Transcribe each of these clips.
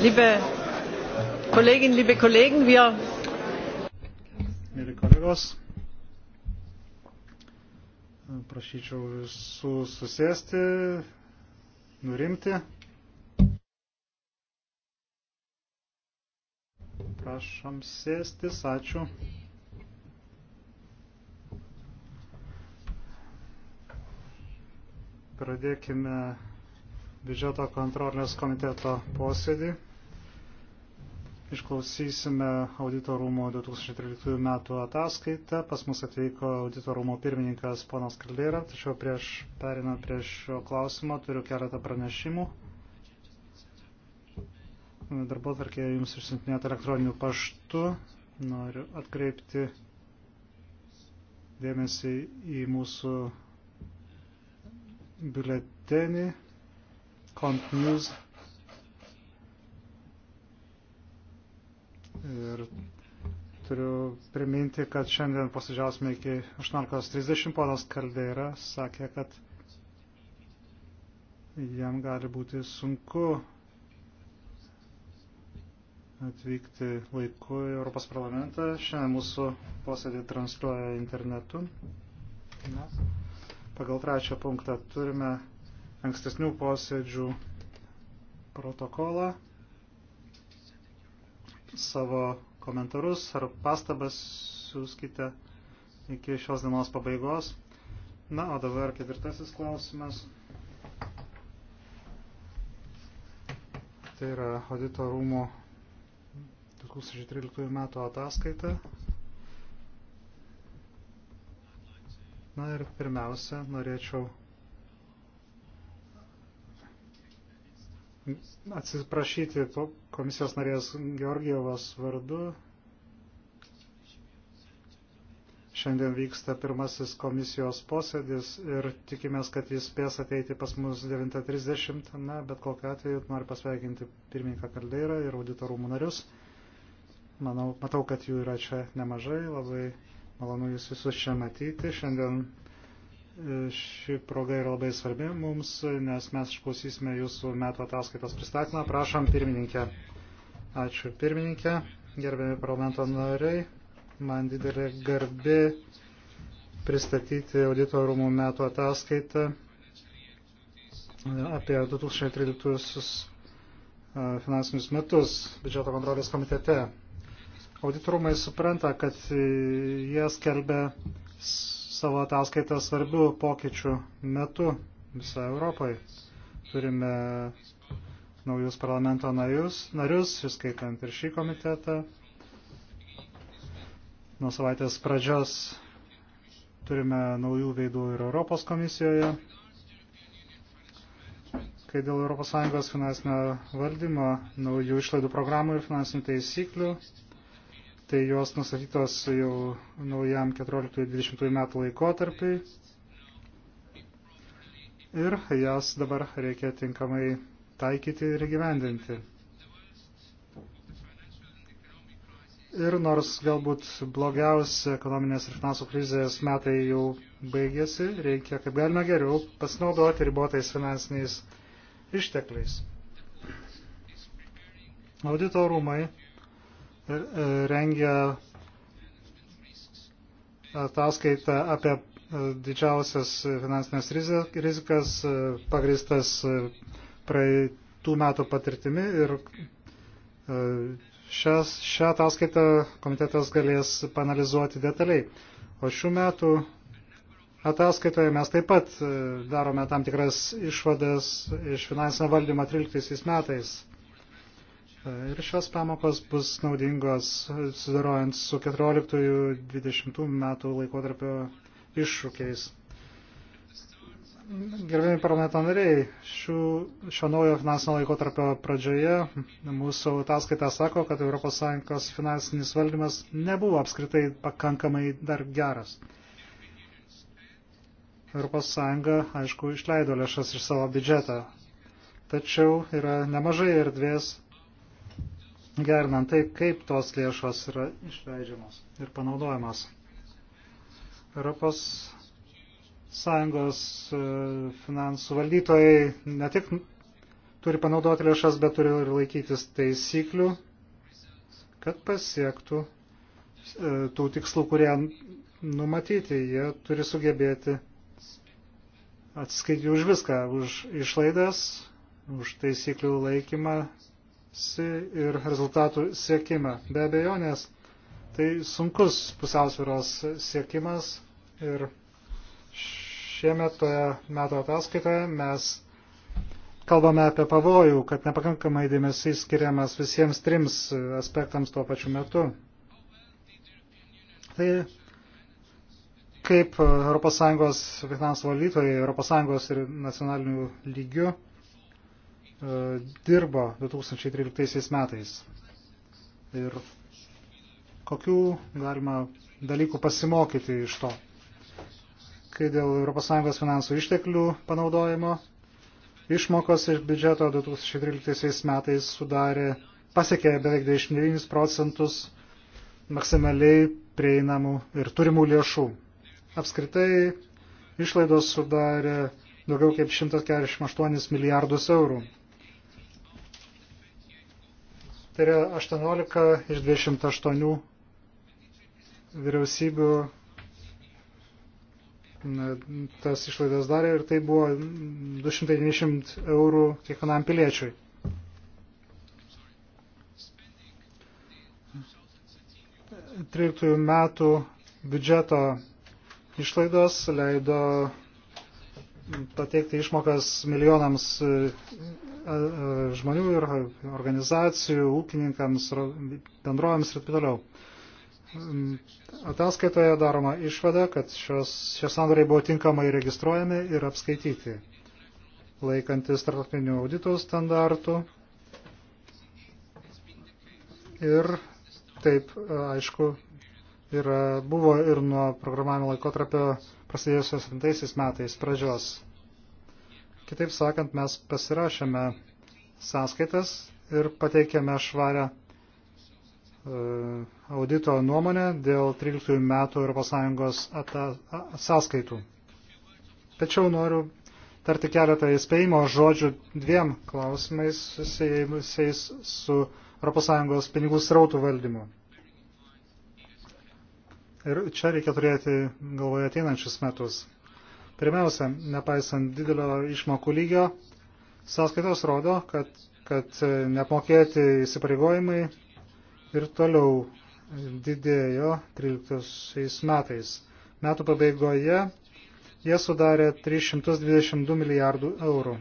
Liebe Kolleginnen, liebe Kollegen, wir. Mėly kolegos, prašyčiau visų susėsti, nurimti. Prašom sėstis, ačiū. Pradėkime biudžeto kontrolės komiteto posėdį. Išklausysime auditorumo 2013 metų ataskaitą. Pas mus atvyko auditorumo pirmininkas ponas Kaldėra, tačiau prieš perinant prie šio klausimo turiu keletą pranešimų. Darbo tvarkė jums išsintinėta elektroniniu paštu. Noriu atkreipti dėmesį į mūsų biuletenį Cont News Ir turiu priminti, kad šiandien posėdžiausime iki 18.30. Ponas Kaldeira sakė, kad jam gali būti sunku atvykti laiku į Europos parlamentą. Šiandien mūsų posėdį transliuoja internetu. Na, pagal trečią punktą turime ankstesnių posėdžių protokolą savo komentarus ar pastabas siūskite iki šios dienos pabaigos. Na, o dabar ketvirtasis klausimas. Tai yra audito rūmų 2013 metų ataskaita. Na ir pirmiausia, norėčiau atsiprašyti komisijos narės Georgijovos vardu. Šiandien vyksta pirmasis komisijos posėdis ir tikimės, kad jis spės ateiti pas mus 9.30, na, bet kokiu atveju noriu pasveikinti pirmininką Kaldeirą ir auditorumų narius. Manau, matau, kad jų yra čia nemažai, labai malonu jūs visus čia matyti. Šiandien ši proga yra labai svarbi mums, nes mes išklausysime jūsų metų ataskaitos pristatymą. Prašom, pirmininkė. Ačiū, pirmininkė. Gerbiami parlamento nariai, man didelė garbi pristatyti audito rūmų metų ataskaitą apie 2013 finansinius metus biudžeto kontrolės komitete. Auditorumai supranta, kad jie skelbia savo ataskaitą svarbių pokyčių metu visoje Europoje. Turime naujus parlamento narius, narius, įskaitant ir šį komitetą. Nuo savaitės pradžios turime naujų veidų ir Europos komisijoje. Kai dėl ES finansinio valdymo, naujų išlaidų programų ir finansinių taisyklių tai jos nusatytos jau naujam 14-20 metų laikotarpiai ir jas dabar reikia tinkamai taikyti ir gyvendinti. Ir nors galbūt blogiausia ekonominės ir finansų krizės metai jau baigėsi, reikia kaip galima geriau pasinaudoti ribotais finansiniais ištekliais. Audito rūmai E, rengia ataskaitą apie e, didžiausias finansinės rizikas e, pagristas praeitų metų patirtimi ir šias, šią ataskaitą komitetas galės panalizuoti detaliai. O šių metų ataskaitoje mes taip pat darome tam tikras išvadas iš finansinio valdymo 13 metais. Ir šios pamokos bus naudingos sudarojant su 14-20 metų laikotarpio iššūkiais. Gerbėjai parlamento nariai, šių, šio naujo finansinio laikotarpio pradžioje mūsų ataskaita sako, kad ES finansinis valdymas nebuvo apskritai pakankamai dar geras. ES, aišku, išleido lėšas iš savo biudžetą, tačiau yra nemažai erdvės gernant tai, kaip tos lėšos yra išleidžiamos ir panaudojamos. Europos Sąjungos e, finansų valdytojai ne tik turi panaudoti lėšas, bet turi ir laikytis taisyklių, kad pasiektų e, tų tikslų, kurie numatyti. Jie turi sugebėti atskaityti už viską, už išlaidas, už taisyklių laikymą, ir rezultatų siekimą. Be abejonės, tai sunkus pusiausviros siekimas ir šiemet toje metų ataskaitoje mes kalbame apie pavojų, kad nepakankamai dėmesys skiriamas visiems trims aspektams tuo pačiu metu. Tai kaip ES finansų valytojai, ES ir nacionalinių lygių E, dirbo 2013 metais ir kokių galima dalykų pasimokyti iš to. Kai dėl ES finansų išteklių panaudojimo, išmokos iš biudžeto 2013 metais sudarė, pasiekė beveik 29 procentus maksimaliai prieinamų ir turimų lėšų. Apskritai išlaidos sudarė daugiau kaip 148 milijardus eurų. Tai yra 18 iš 28 vyriausybių tas išlaidas darė ir tai buvo 290 eurų kiekvienam piliečiui. Tryktųjų metų biudžeto išlaidos leido pateikti išmokas milijonams E, žmonių ir organizacijų, ūkininkams, bendrovėms ir taip toliau. Ataskaitoje daroma išvada, kad šios, šios sandoriai buvo tinkamai registruojami ir apskaityti, laikantis tarptautinių auditų standartų. Ir taip, e, aišku, yra, buvo ir nuo programavimo laikotarpio prasidėjusios 7 metais pradžios. Kitaip sakant, mes pasirašėme sąskaitas ir pateikėme švarę e, audito nuomonę dėl 13 metų ES sąskaitų. Tačiau noriu tarti keletą įspėjimo žodžių dviem klausimais susijusiais su ES pinigų srautų valdymu. Ir čia reikia turėti galvoje ateinančius metus. Pirmiausia, nepaisant didelio išmokų lygio, sąskaitos rodo, kad, kad neapmokėti įsipareigojimai ir toliau didėjo 13 metais. Metų pabaigoje jie sudarė 322 milijardų eurų.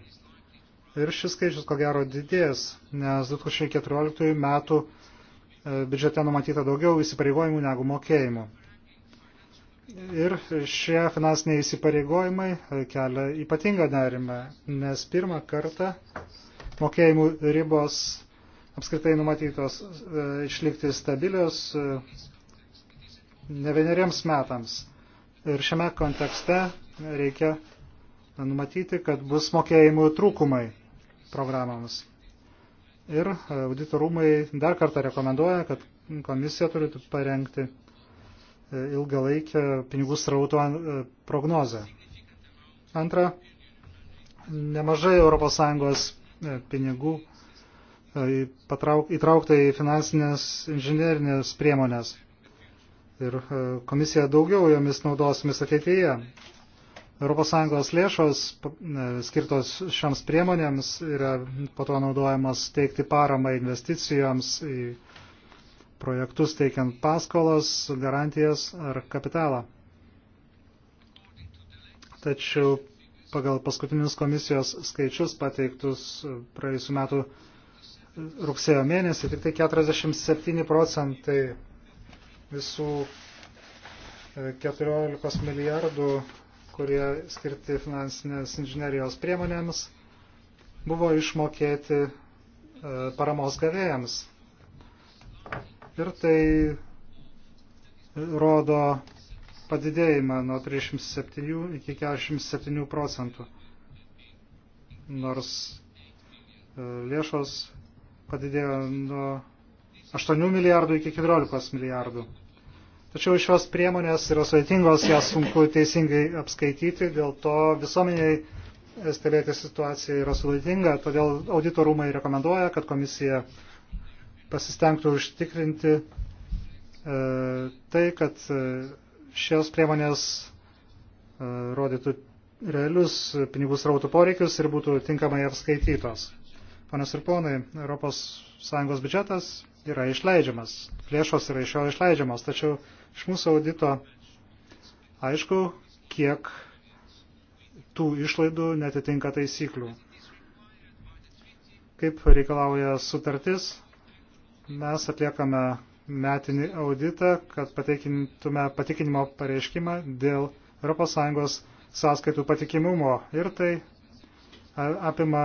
Ir šis skaičius ko gero didės, nes 2014 metų e, biudžete numatyta daugiau įsipareigojimų negu mokėjimų. Ir šie finansiniai įsipareigojimai kelia ypatingą nerimą, nes pirmą kartą mokėjimų ribos apskritai numatytos e, išlikti stabilios e, ne vieneriems metams. Ir šiame kontekste reikia numatyti, kad bus mokėjimų trūkumai programams. Ir auditorumai dar kartą rekomenduoja, kad komisija turėtų parengti E, ilgalaikę pinigų srauto e, prognozę. Antra, nemažai ES e, pinigų patrauk, įtraukta į finansinės inžinierinės priemonės. Ir komisija daugiau jomis naudosimis ateityje. ES lėšos skirtos šiams priemonėms yra po to naudojamas teikti paramą investicijoms į projektus teikiant paskolas, garantijas ar kapitalą. Tačiau pagal paskutinius komisijos skaičius pateiktus praėjusiu metu rugsėjo mėnesį, tik tai 47 procentai visų 14 e, milijardų, kurie skirti finansinės inžinerijos priemonėms, buvo išmokėti e, paramos gavėjams ir tai rodo padidėjimą nuo 37 iki 47 procentų. Nors e, lėšos padidėjo nuo 8 milijardų iki 14 milijardų. Tačiau šios priemonės yra sudėtingos, jas sunku teisingai apskaityti, dėl to visuomeniai stebėti situaciją yra sudėtinga, todėl auditorumai rekomenduoja, kad komisija uh, pasistengtų užtikrinti e, tai, kad e, šios priemonės e, rodytų realius pinigų srautų poreikius ir būtų tinkamai apskaitytos. Panas ir ponai, ES biudžetas yra išleidžiamas, lėšos yra iš jo išleidžiamas, tačiau iš mūsų audito aišku, kiek tų išlaidų netitinka taisyklių. Kaip reikalauja sutartis, Mes atliekame metinį auditą, kad pateikintume patikinimo pareiškimą dėl ES sąskaitų patikimumo ir tai apima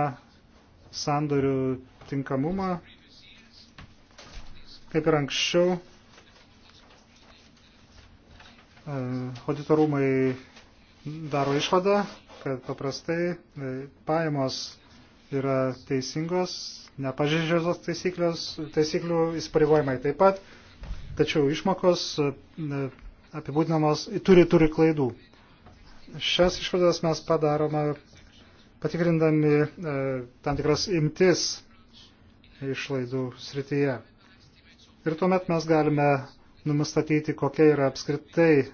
sandorių tinkamumą. Kaip ir anksčiau, auditorumai daro išvadą, kad paprastai e, pajamos yra teisingos nepažeidžios taisyklių įsipareigojimai taip pat, tačiau išmokos e, e, apibūdinamos turi, turi klaidų. Šias išvadas mes padarome patikrindami e, tam tikras imtis išlaidų srityje. Ir tuomet mes galime nustatyti, kokia yra apskritai,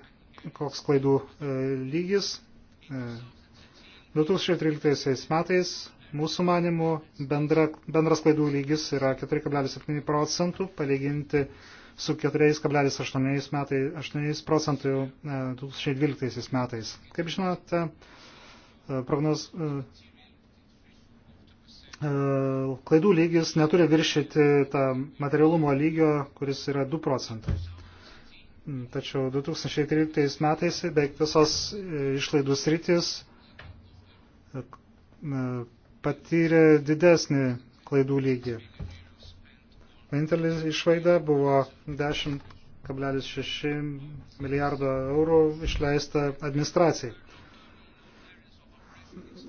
koks klaidų e, lygis. E, 2013 metais Mūsų manimų bendra, bendras klaidų lygis yra 4,7 procentų, palyginti su 4,8 metai, procentų 2012 e, metais. Kaip žinote, e, prognoz, e, klaidų lygis neturi viršyti tą materialumo lygio, kuris yra 2 procentai. Tačiau 2013 metais beveik visos išlaidų sritis patyrė didesnį klaidų lygį. Vienintelė išvaida buvo 10,6 milijardo eurų išleista administracijai.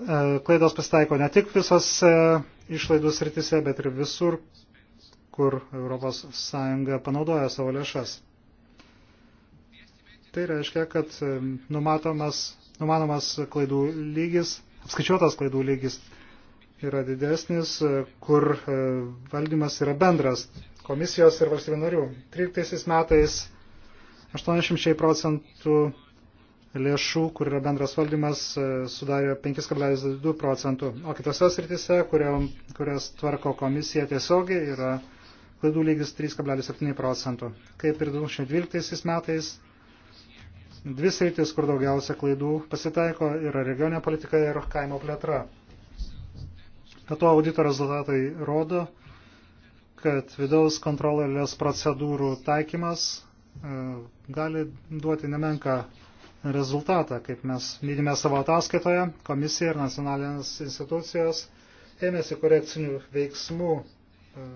E, klaidos pasitaiko ne tik visose e, išlaidų sritise, bet ir visur, kur ES panaudoja savo lėšas. Tai reiškia, kad e, numatomas, numanomas klaidų lygis, apskaičiuotas klaidų lygis yra didesnis, kur e, valdymas yra bendras komisijos ir valstybių narių. 13 metais 80 procentų lėšų, kur yra bendras valdymas, e, sudarė 5,2 procentų. O kitose sritise, kurias tvarko komisija tiesiogiai, yra klaidų lygis 3,7 procentų. Kaip ir 2012 metais, dvi sritis, kur daugiausia klaidų pasitaiko, yra regioninė politika ir kaimo plėtra. Be to audito rezultatai rodo, kad vidaus kontrolės procedūrų taikymas e, gali duoti nemenką rezultatą, kaip mes minime savo ataskaitoje, komisija ir nacionalinės institucijos ėmėsi korekcinių veiksmų e,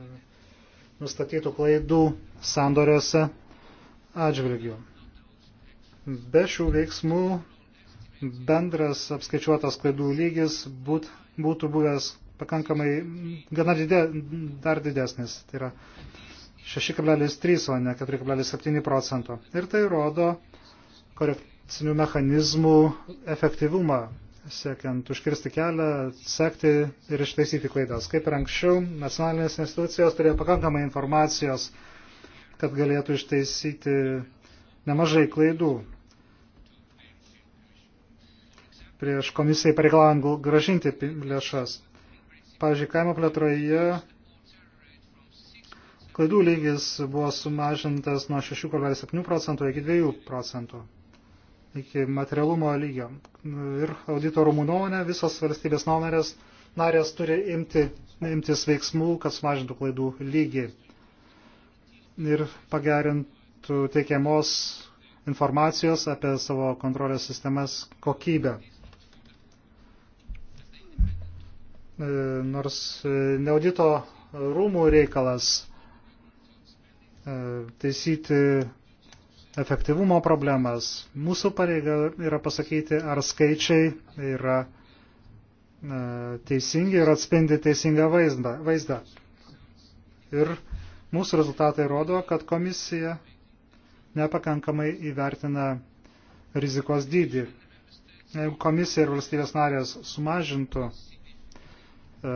nustatytų klaidų sandoriuose atžvilgių. Be šių veiksmų bendras apskaičiuotas klaidų lygis būt, būtų buvęs pakankamai gana didė, dar didesnis, tai yra 6,3, o ne 4,7 procento. Ir tai rodo korekcinių mechanizmų efektyvumą, siekiant užkirsti kelią, sekti ir ištaisyti klaidas. Kaip ir anksčiau, nacionalinės institucijos turėjo pakankamai informacijos, kad galėtų ištaisyti nemažai klaidų. Prieš komisijai pareikalavant gražinti lėšas. Pavyzdžiui, kaimo plėtroje klaidų lygis buvo sumažintas nuo 6,7 procentų iki 2 procentų iki materialumo lygio. Ir audito rūmų nuomonė, visos valstybės nuomonės narės turi imti, imtis veiksmų, kad sumažintų klaidų lygį ir pagerintų teikiamos informacijos apie savo kontrolės sistemas kokybę. E, nors e, neaudito rūmų reikalas e, taisyti efektyvumo problemas. Mūsų pareiga yra pasakyti, ar skaičiai yra teisingi ir atspindi teisingą vaizdą. vaizdą. Ir mūsų rezultatai rodo, kad komisija nepakankamai įvertina rizikos dydį. Jeigu komisija ir valstybės narės sumažintų E,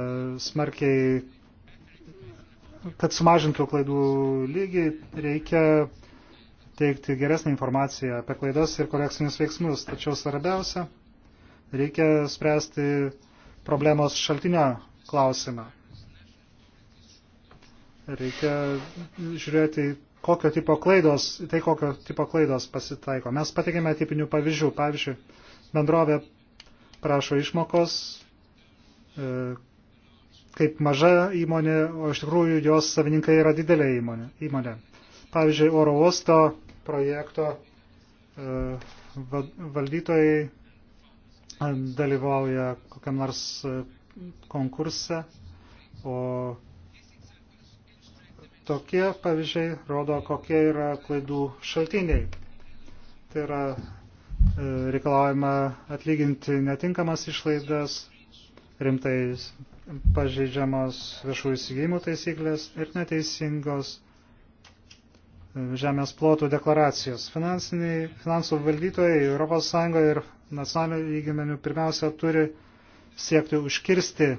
smarkiai, kad sumažintų klaidų lygį, reikia teikti geresnį informaciją apie klaidas ir korekcinius veiksmus. Tačiau svarbiausia, reikia spręsti problemos šaltinio klausimą. Reikia žiūrėti, kokio tipo klaidos, tai kokio tipo klaidos pasitaiko. Mes patikėme tipinių pavyzdžių. Pavyzdžiui, bendrovė prašo išmokos, e, kaip maža įmonė, o iš tikrųjų jos savininkai yra didelė įmonė. įmonė. Pavyzdžiui, oro uosto projekto e, valdytojai e, dalyvauja kokiam nors e, konkurse, o tokie pavyzdžiai rodo, kokie yra klaidų šaltiniai. Tai yra reikalaujama atlyginti netinkamas išlaidas, rimtai pažeidžiamos viešų įsigijimų taisyklės ir neteisingos e, žemės plotų deklaracijos. Finansiniai, finansų valdytojai ES ir nacionalinių lygmenių pirmiausia turi siekti užkirsti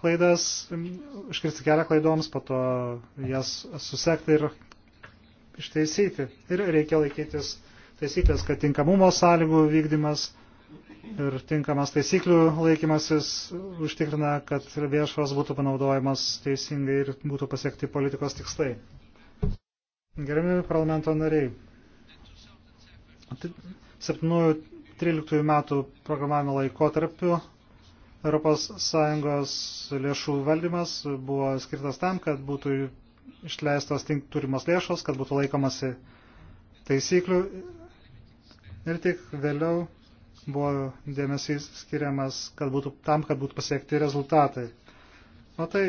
klaidas, užkirsti kelią klaidoms, po to jas susekti ir išteisyti. Ir reikia laikytis taisyklės, kad tinkamumo sąlygų vykdymas ir tinkamas taisyklių laikymasis užtikrina, kad lėšos būtų panaudojamas teisingai ir būtų pasiekti politikos tikslai. Gerbiami parlamento nariai, 7-13 metų programavimo laikotarpiu ES lėšų valdymas buvo skirtas tam, kad būtų išleistos turimos lėšos, kad būtų laikomasi taisyklių ir tik vėliau buvo dėmesys skiriamas kad būtų, tam, kad būtų pasiekti rezultatai. O tai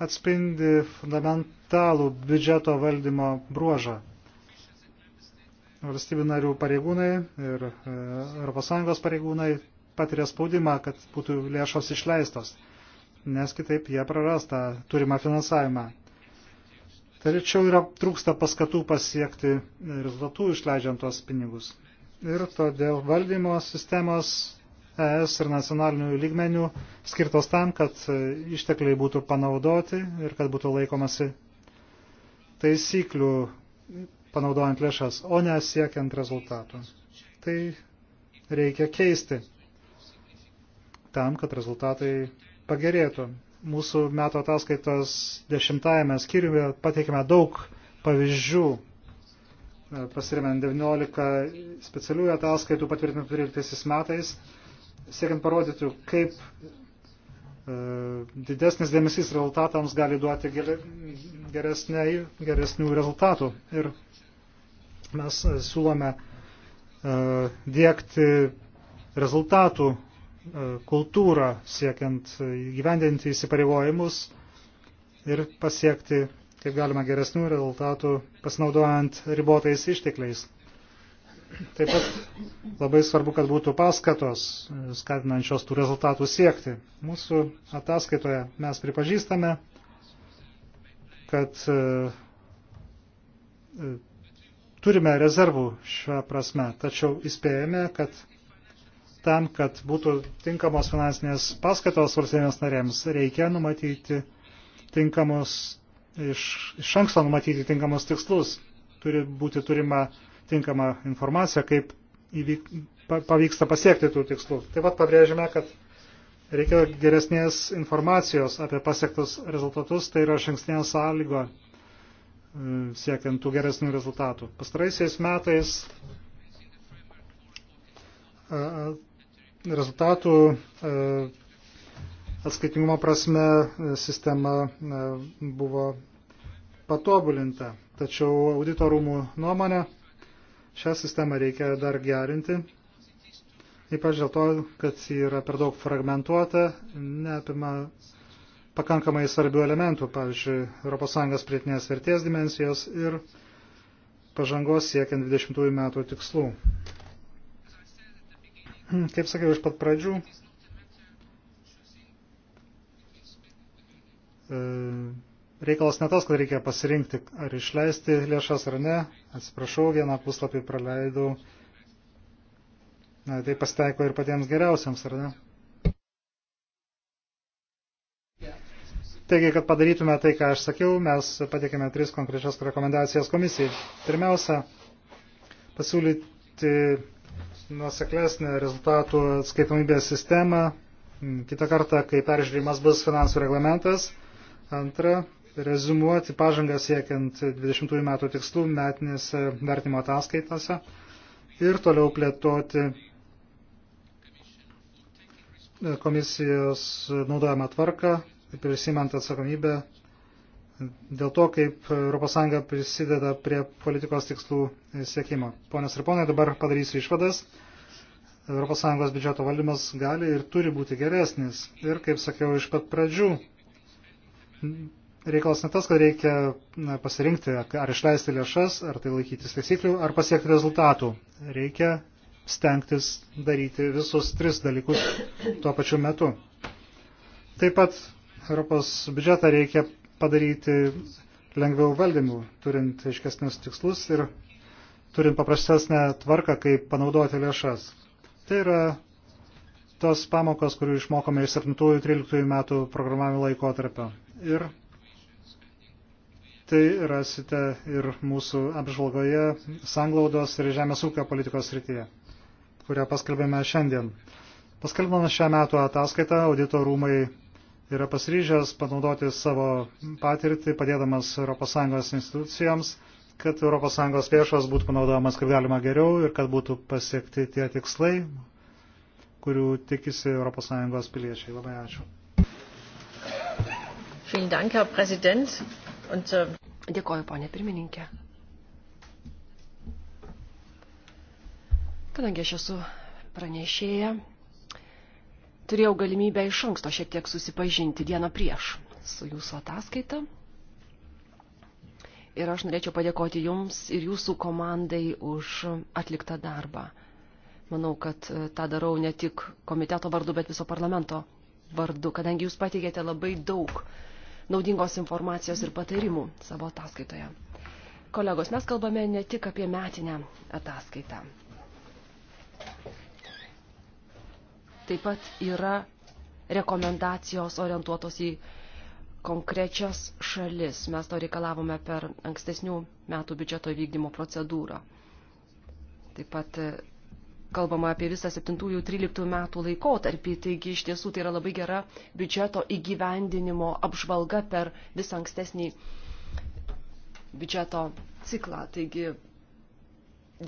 atspindi fundamentalų biudžeto valdymo bruožą. Valstybių narių pareigūnai ir ES pareigūnai patiria spaudimą, kad būtų lėšos išleistos, nes kitaip jie prarasta turimą finansavimą. Tačiau yra trūksta paskatų pasiekti rezultatų išleidžiant tuos pinigus ir todėl valdymo sistemos ES ir nacionalinių lygmenių skirtos tam, kad ištekliai būtų panaudoti ir kad būtų laikomasi taisyklių panaudojant lėšas, o ne siekiant rezultatų. Tai reikia keisti tam, kad rezultatai pagerėtų. Mūsų metų ataskaitos dešimtajame skyriuje pateikime daug pavyzdžių pasirėmė 19 specialiųjų ataskaitų patvirtintų 13 metais, siekiant parodyti, kaip e, didesnis dėmesys rezultatams gali duoti geresnei, geresnių rezultatų. Ir mes e, siūlome e, dėkti rezultatų kultūrą, siekiant įgyvendinti įsipareigojimus ir pasiekti kaip galima geresnių rezultatų pasinaudojant ribotais ištekliais. Taip pat labai svarbu, kad būtų paskatos e, skatinančios tų rezultatų siekti. Mūsų ataskaitoje mes pripažįstame, kad e, e, turime rezervų šią prasme, tačiau įspėjame, kad tam, kad būtų tinkamos finansinės paskatos valstybės narėms, reikia numatyti tinkamus iš, iš anksto numatyti tinkamus tikslus, turi būti turima tinkama informacija, kaip įvyk, pa, pavyksta pasiekti tų tikslų. Taip pat pabrėžime, kad reikia geresnės informacijos apie pasiektus rezultatus, tai yra žingsnė sąlygo e, siekiant tų geresnių rezultatų. Pastaraisiais metais e, e, rezultatų atskaitingumo prasme sistema buvo patobulinta, tačiau auditorumų nuomonė šią sistemą reikia dar gerinti, ypač dėl to, kad ji yra per daug fragmentuota, neapima pakankamai svarbių elementų, pavyzdžiui, ES prietinės vertės dimensijos ir pažangos siekiant 20 metų tikslų. Kaip sakiau iš pat pradžių, e, reikalas ne tas, kad reikia pasirinkti, ar išleisti lėšas ar ne. Atsiprašau, vieną puslapį praleidau. Na, tai pasitaiko ir patiems geriausiams, ar ne? Taigi, kad padarytume tai, ką aš sakiau, mes patikėme tris konkrečias rekomendacijas komisijai. Pirmiausia, pasiūlyti nuoseklesnę rezultatų atskaitomybės sistemą. Kita karta, kai peržiūrimas bus finansų reglamentas. Antra, rezumuoti pažangą siekiant 20 metų tikslų metinėse vertimo ataskaitose ir toliau plėtoti komisijos naudojama tvarka, prisimant atsakomybę dėl to, kaip ES prisideda prie politikos tikslų siekimo. Ponios ir ponai, dabar padarysiu išvadas. ES biudžeto valdymas gali ir turi būti geresnis. Ir, kaip sakiau iš pat pradžių, reikalas ne tas, kad reikia pasirinkti, ar išleisti lėšas, ar tai laikytis taisyklių, ar pasiekti rezultatų. Reikia stengtis daryti visus tris dalykus tuo pačiu metu. Taip pat Europos biudžetą reikia padaryti lengviau valdymu, turint aiškesnius tikslus ir turint paprastesnę tvarką, kaip panaudoti lėšas. Tai yra tos pamokos, kurių išmokome iš 7-13 metų programavimo laikotarpio. Ir Tai rasite ir mūsų apžvalgoje sanglaudos ir žemės ūkio politikos srityje, kurią paskelbėme šiandien. Paskelbėme šią metų ataskaitą, audito rūmai yra pasiryžęs panaudoti savo patirtį, padėdamas ES institucijoms, kad ES lėšos būtų panaudojamas kaip galima geriau ir kad būtų pasiekti tie tikslai, kurių tikisi ES piliečiai. Labai ačiū. Vielen Dank, Herr Präsident. Und, äh Dėkoju, ponė pirmininkė. Kadangi aš esu pranešėja, turėjau galimybę iš anksto šiek tiek susipažinti dieną prieš su jūsų ataskaita. Ir aš norėčiau padėkoti jums ir jūsų komandai už atliktą darbą. Manau, kad e, tą darau ne tik komiteto vardu, bet viso parlamento vardu, kadangi jūs pateikėte labai daug uh, naudingos informacijos ir patarimų savo ataskaitoje. Kolegos, mes kalbame ne tik apie metinę ataskaitą. Taip pat yra rekomendacijos orientuotos į konkrečias šalis. Mes to reikalavome per ankstesnių metų biudžeto vykdymo procedūrą. Taip pat kalbama apie visą 7-13 metų laikotarpį, taigi iš tiesų tai yra labai gera biudžeto įgyvendinimo apžvalga per visą ankstesnį biudžeto ciklą. Taigi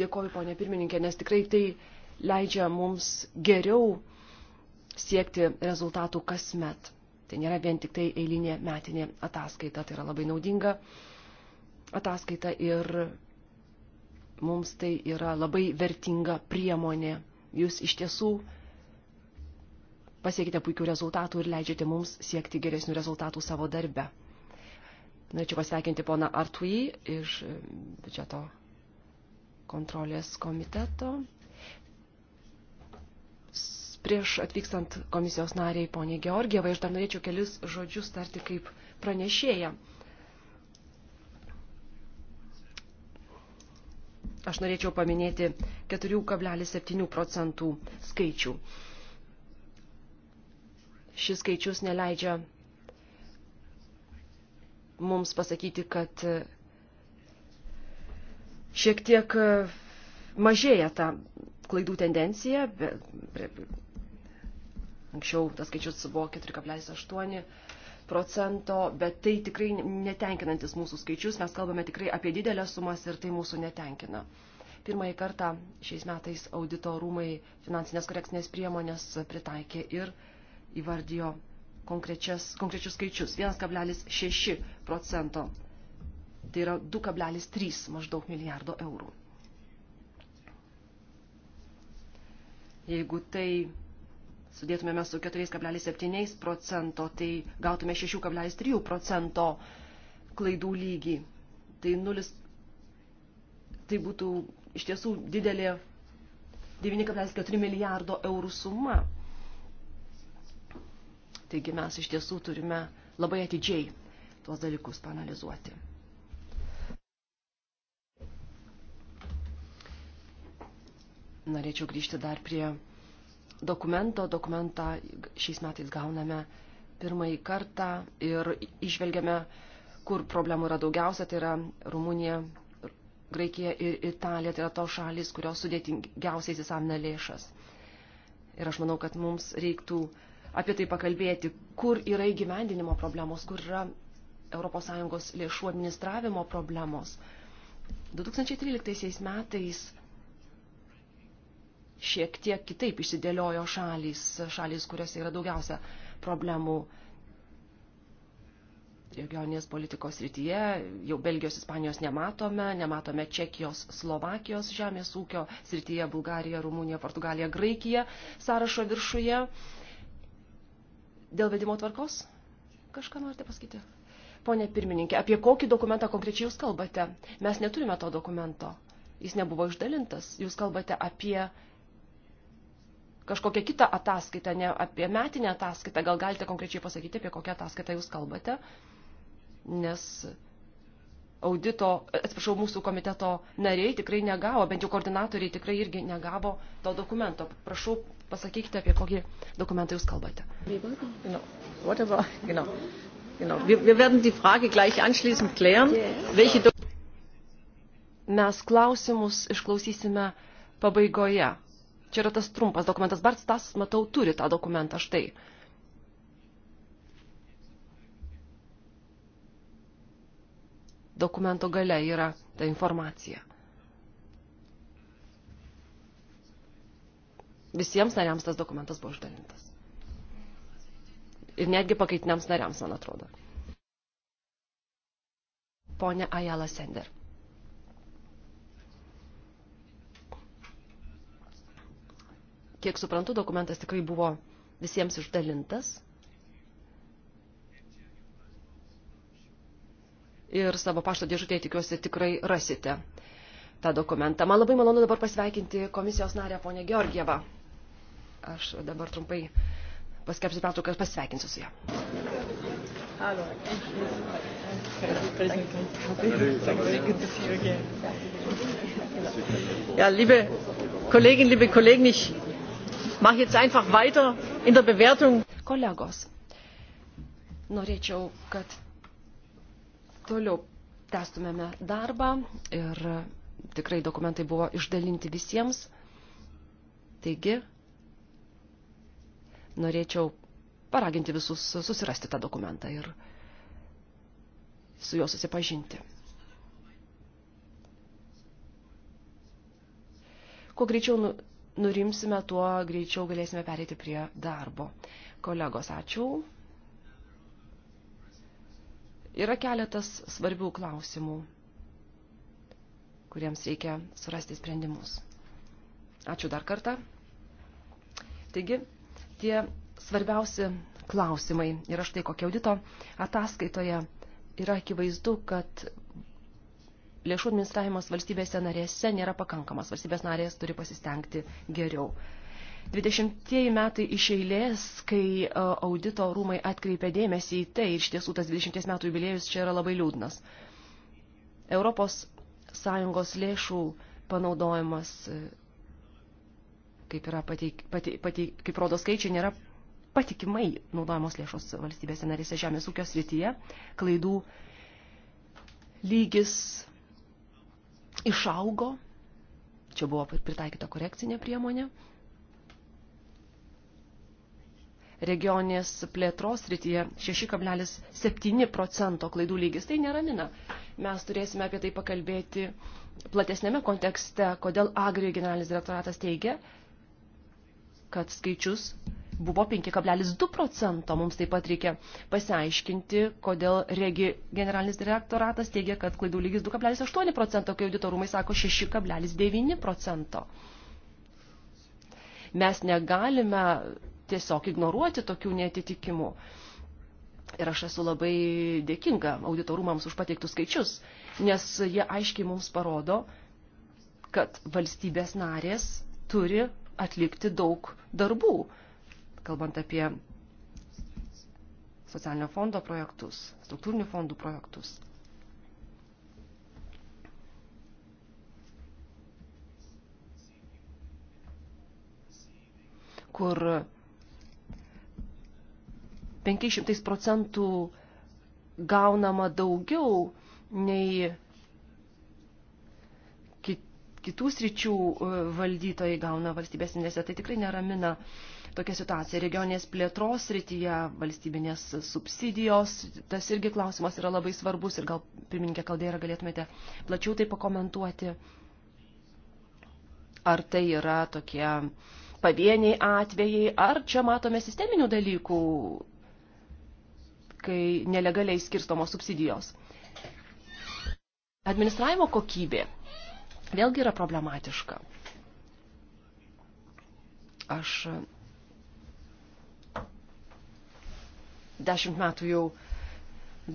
dėkoju, ponė pirmininkė, nes tikrai tai leidžia mums geriau siekti rezultatų kasmet. Tai nėra vien tik tai eilinė metinė ataskaita, tai yra labai naudinga ataskaita ir mums tai yra labai vertinga priemonė. Jūs iš tiesų pasiekite puikių rezultatų ir leidžiate mums siekti geresnių rezultatų savo darbe. Norėčiau pasveikinti poną Artui iš biudžeto kontrolės komiteto. Prieš atvykstant komisijos nariai poniai Georgievai, aš dar norėčiau kelis žodžius tarti kaip pranešėja. Aš norėčiau paminėti 4,7 procentų skaičių. Šis skaičius neleidžia mums pasakyti, kad šiek tiek mažėja ta klaidų tendencija. Anksčiau tas skaičius buvo 4,8 procento, bet tai tikrai netenkinantis mūsų skaičius, mes kalbame tikrai apie didelės sumas ir tai mūsų netenkina. Pirmąjį kartą šiais metais audito rūmai finansinės korekcinės priemonės pritaikė ir įvardijo konkrečius skaičius 1,6 procento. Tai yra 2,3 maždaug milijardo eurų. Jeigu tai sudėtumėme su 4,7 procento, tai gautume 6,3 procento klaidų lygį. Tai nulis, tai būtų iš tiesų didelė 9,4 milijardo eurų suma. Taigi mes iš tiesų turime labai atidžiai tuos dalykus panalizuoti. Norėčiau grįžti dar prie dokumento. Dokumentą šiais metais gauname pirmąjį kartą ir išvelgiame, kur problemų yra daugiausia, tai yra Rumunija, Graikija ir Italija, tai yra tos šalis, kurios sudėtingiausiai įsisamina lėšas. Ir aš manau, kad mums reiktų apie tai pakalbėti, kur yra įgyvendinimo problemos, kur yra ES lėšų administravimo problemos. 2013 metais šiek tiek kitaip išsidėliojo šalys, šalys, kuriuose yra daugiausia problemų regioninės politikos rytyje. Jau Belgijos, Ispanijos nematome, nematome Čekijos, Slovakijos žemės ūkio srityje, Bulgarija, Rumunija, Portugalija, Graikija sąrašo viršuje. Dėl vedimo tvarkos? Kažką norite pasakyti? Pone pirmininkė, apie kokį dokumentą konkrečiai jūs kalbate? Mes neturime to dokumento. Jis nebuvo išdalintas. Jūs kalbate apie kažkokią kitą ataskaitą, ne apie metinę ataskaitą, gal galite konkrečiai pasakyti, apie kokią ataskaitą jūs kalbate, nes audito, atsiprašau, mūsų komiteto nariai tikrai negavo, bent jau koordinatoriai tikrai irgi negavo to dokumento. Prašau, pasakykite, apie kokį dokumentą jūs kalbate. Genau. Whatever. Genau. Genau. Wir, wir werden die Frage gleich anschließend klären. Yes. Welche Mes klausimus išklausysime pabaigoje. Čia yra tas trumpas dokumentas. Bartas tas, matau, turi tą dokumentą štai. Dokumento gale yra ta informacija. Visiems nariams tas dokumentas buvo išdalintas. Ir netgi pakaitiniams nariams, man atrodo. Pone Ajala Sender. Kiek suprantu, dokumentas tikrai buvo visiems išdalintas. Ir savo pašto dėžutėje tikiuosi tikrai rasite tą dokumentą. Man labai malonu dabar pasveikinti komisijos narę ponę Georgievą. Aš dabar trumpai paskelbsiu pertrauką ir pasveikinsiu su ją. Hallo. Ja, liebe Kolleginnen, liebe Kollegen, ich mache jetzt einfach weiter in der Bewertung. Kolegos, norėčiau, kad toliau testumėme darbą ir tikrai dokumentai buvo išdalinti visiems. Taigi, norėčiau paraginti visus susirasti tą dokumentą ir su juo susipažinti. Kuo greičiau nu- nurimsime, tuo greičiau galėsime perėti prie darbo. Kolegos, ačiū. Yra keletas svarbių klausimų, kuriems reikia surasti sprendimus. Ačiū dar kartą. Taigi, tie svarbiausi klausimai yra štai kokia audito ataskaitoje yra akivaizdu, kad lėšų administravimas valstybėse narėse nėra pakankamas. Valstybės narės turi pasistengti geriau. 20 metai iš eilės, kai e, audito rūmai atkreipė dėmesį į tai, iš tiesų tas 20 metų jubiliejus čia yra labai liūdnas. Europos Sąjungos lėšų panaudojimas, e, kaip, yra pateik, pateik, pateik, kaip rodo skaičiai, nėra patikimai naudojamos lėšos valstybėse narėse žemės ūkio srityje. Klaidų lygis išaugo, čia buvo pritaikyta korekcinė priemonė. Regionės plėtros rytyje 6,7 procento klaidų lygis, tai neramina. Mes turėsime apie tai pakalbėti platesnėme kontekste, kodėl Agri generalinis direktoratas teigia, kad skaičius buvo 5,2 procento. Mums taip pat reikia pasiaiškinti, kodėl regi generalinis direktoratas teigia, kad klaidų lygis 2,8 procento, kai auditorumai sako 6,9 procento. Mes negalime tiesiog ignoruoti tokių netitikimų. Ir aš esu labai dėkinga auditorumams už pateiktus skaičius, nes jie aiškiai mums parodo, kad valstybės narės turi atlikti daug darbų kalbant apie socialinio fondo projektus, struktūrinių fondų projektus. kur 500 procentų gaunama daugiau nei kitų sričių e, valdytojai gauna valstybės indėse. Tai tikrai neramina uh, tokia situacija. Regionės plėtros rytyje, valstybinės subsidijos, tas irgi klausimas yra labai svarbus ir gal pirmininkė Kaldeira galėtumėte plačiau tai pakomentuoti. Ar tai yra tokie pavieniai atvejai, ar čia matome sisteminių dalykų, kai nelegaliai skirstomos subsidijos. Administravimo kokybė vėlgi yra problematiška. Aš dešimt metų jau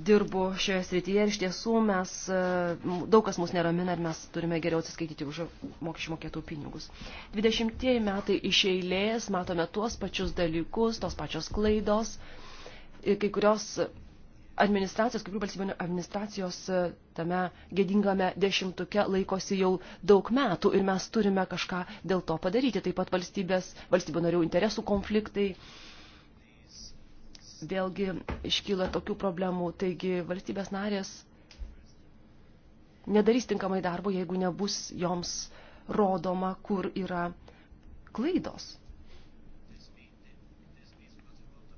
dirbu šioje srityje ir iš tiesų mes, e, daug kas mus neramina ir mes turime geriau atsiskaityti už mokesčių mokėtų pinigus. 20 metai iš eilės matome tuos pačius dalykus, tos pačios klaidos ir kai kurios administracijos, kai kurių valstybinių administracijos e, tame gėdingame dešimtuke laikosi jau daug metų ir mes turime kažką dėl to padaryti. Taip pat valstybės, valstybių narių interesų konfliktai, uh, vėlgi iškyla tokių problemų. Taigi valstybės narės nedarys tinkamai darbo, jeigu nebus joms rodoma, kur yra klaidos.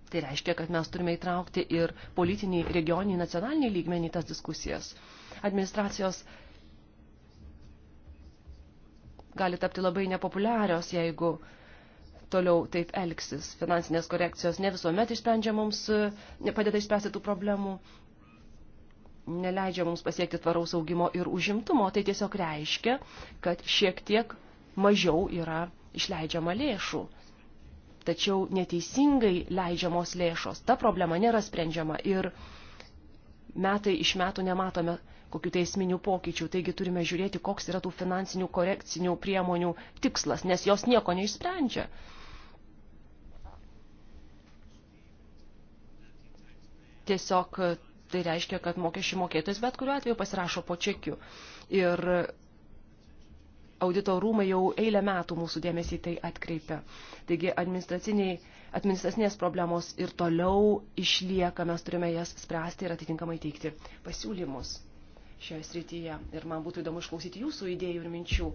Tai reiškia, kad mes turime įtraukti ir politinį, regioninį, nacionalinį lygmenį tas diskusijas. Administracijos gali tapti labai nepopuliarios, jeigu uh, toliau taip elgsis. Finansinės korekcijos ne visuomet išsprendžia mums, e, nepadeda išspręsti tų problemų, neleidžia mums pasiekti tvaraus augimo ir užimtumo. Tai tiesiog reiškia, kad šiek tiek mažiau yra išleidžiama lėšų. Tačiau neteisingai leidžiamos lėšos, ta problema nėra sprendžiama ir metai iš metų nematome kokių teisminių pokyčių. Taigi turime žiūrėti, koks yra tų finansinių korekcinių priemonių tikslas, nes jos nieko neišsprendžia. Tiesiog tai reiškia, kad mokesčių mokėtojas bet kuriuo atveju pasirašo po čekiu. Ir audito rūmai jau eilę metų mūsų dėmesį tai atkreipia. Taigi administracinės problemos ir toliau išlieka, mes turime jas spręsti ir atitinkamai teikti pasiūlymus šioje srityje. Ir man būtų įdomu išklausyti jūsų idėjų ir minčių.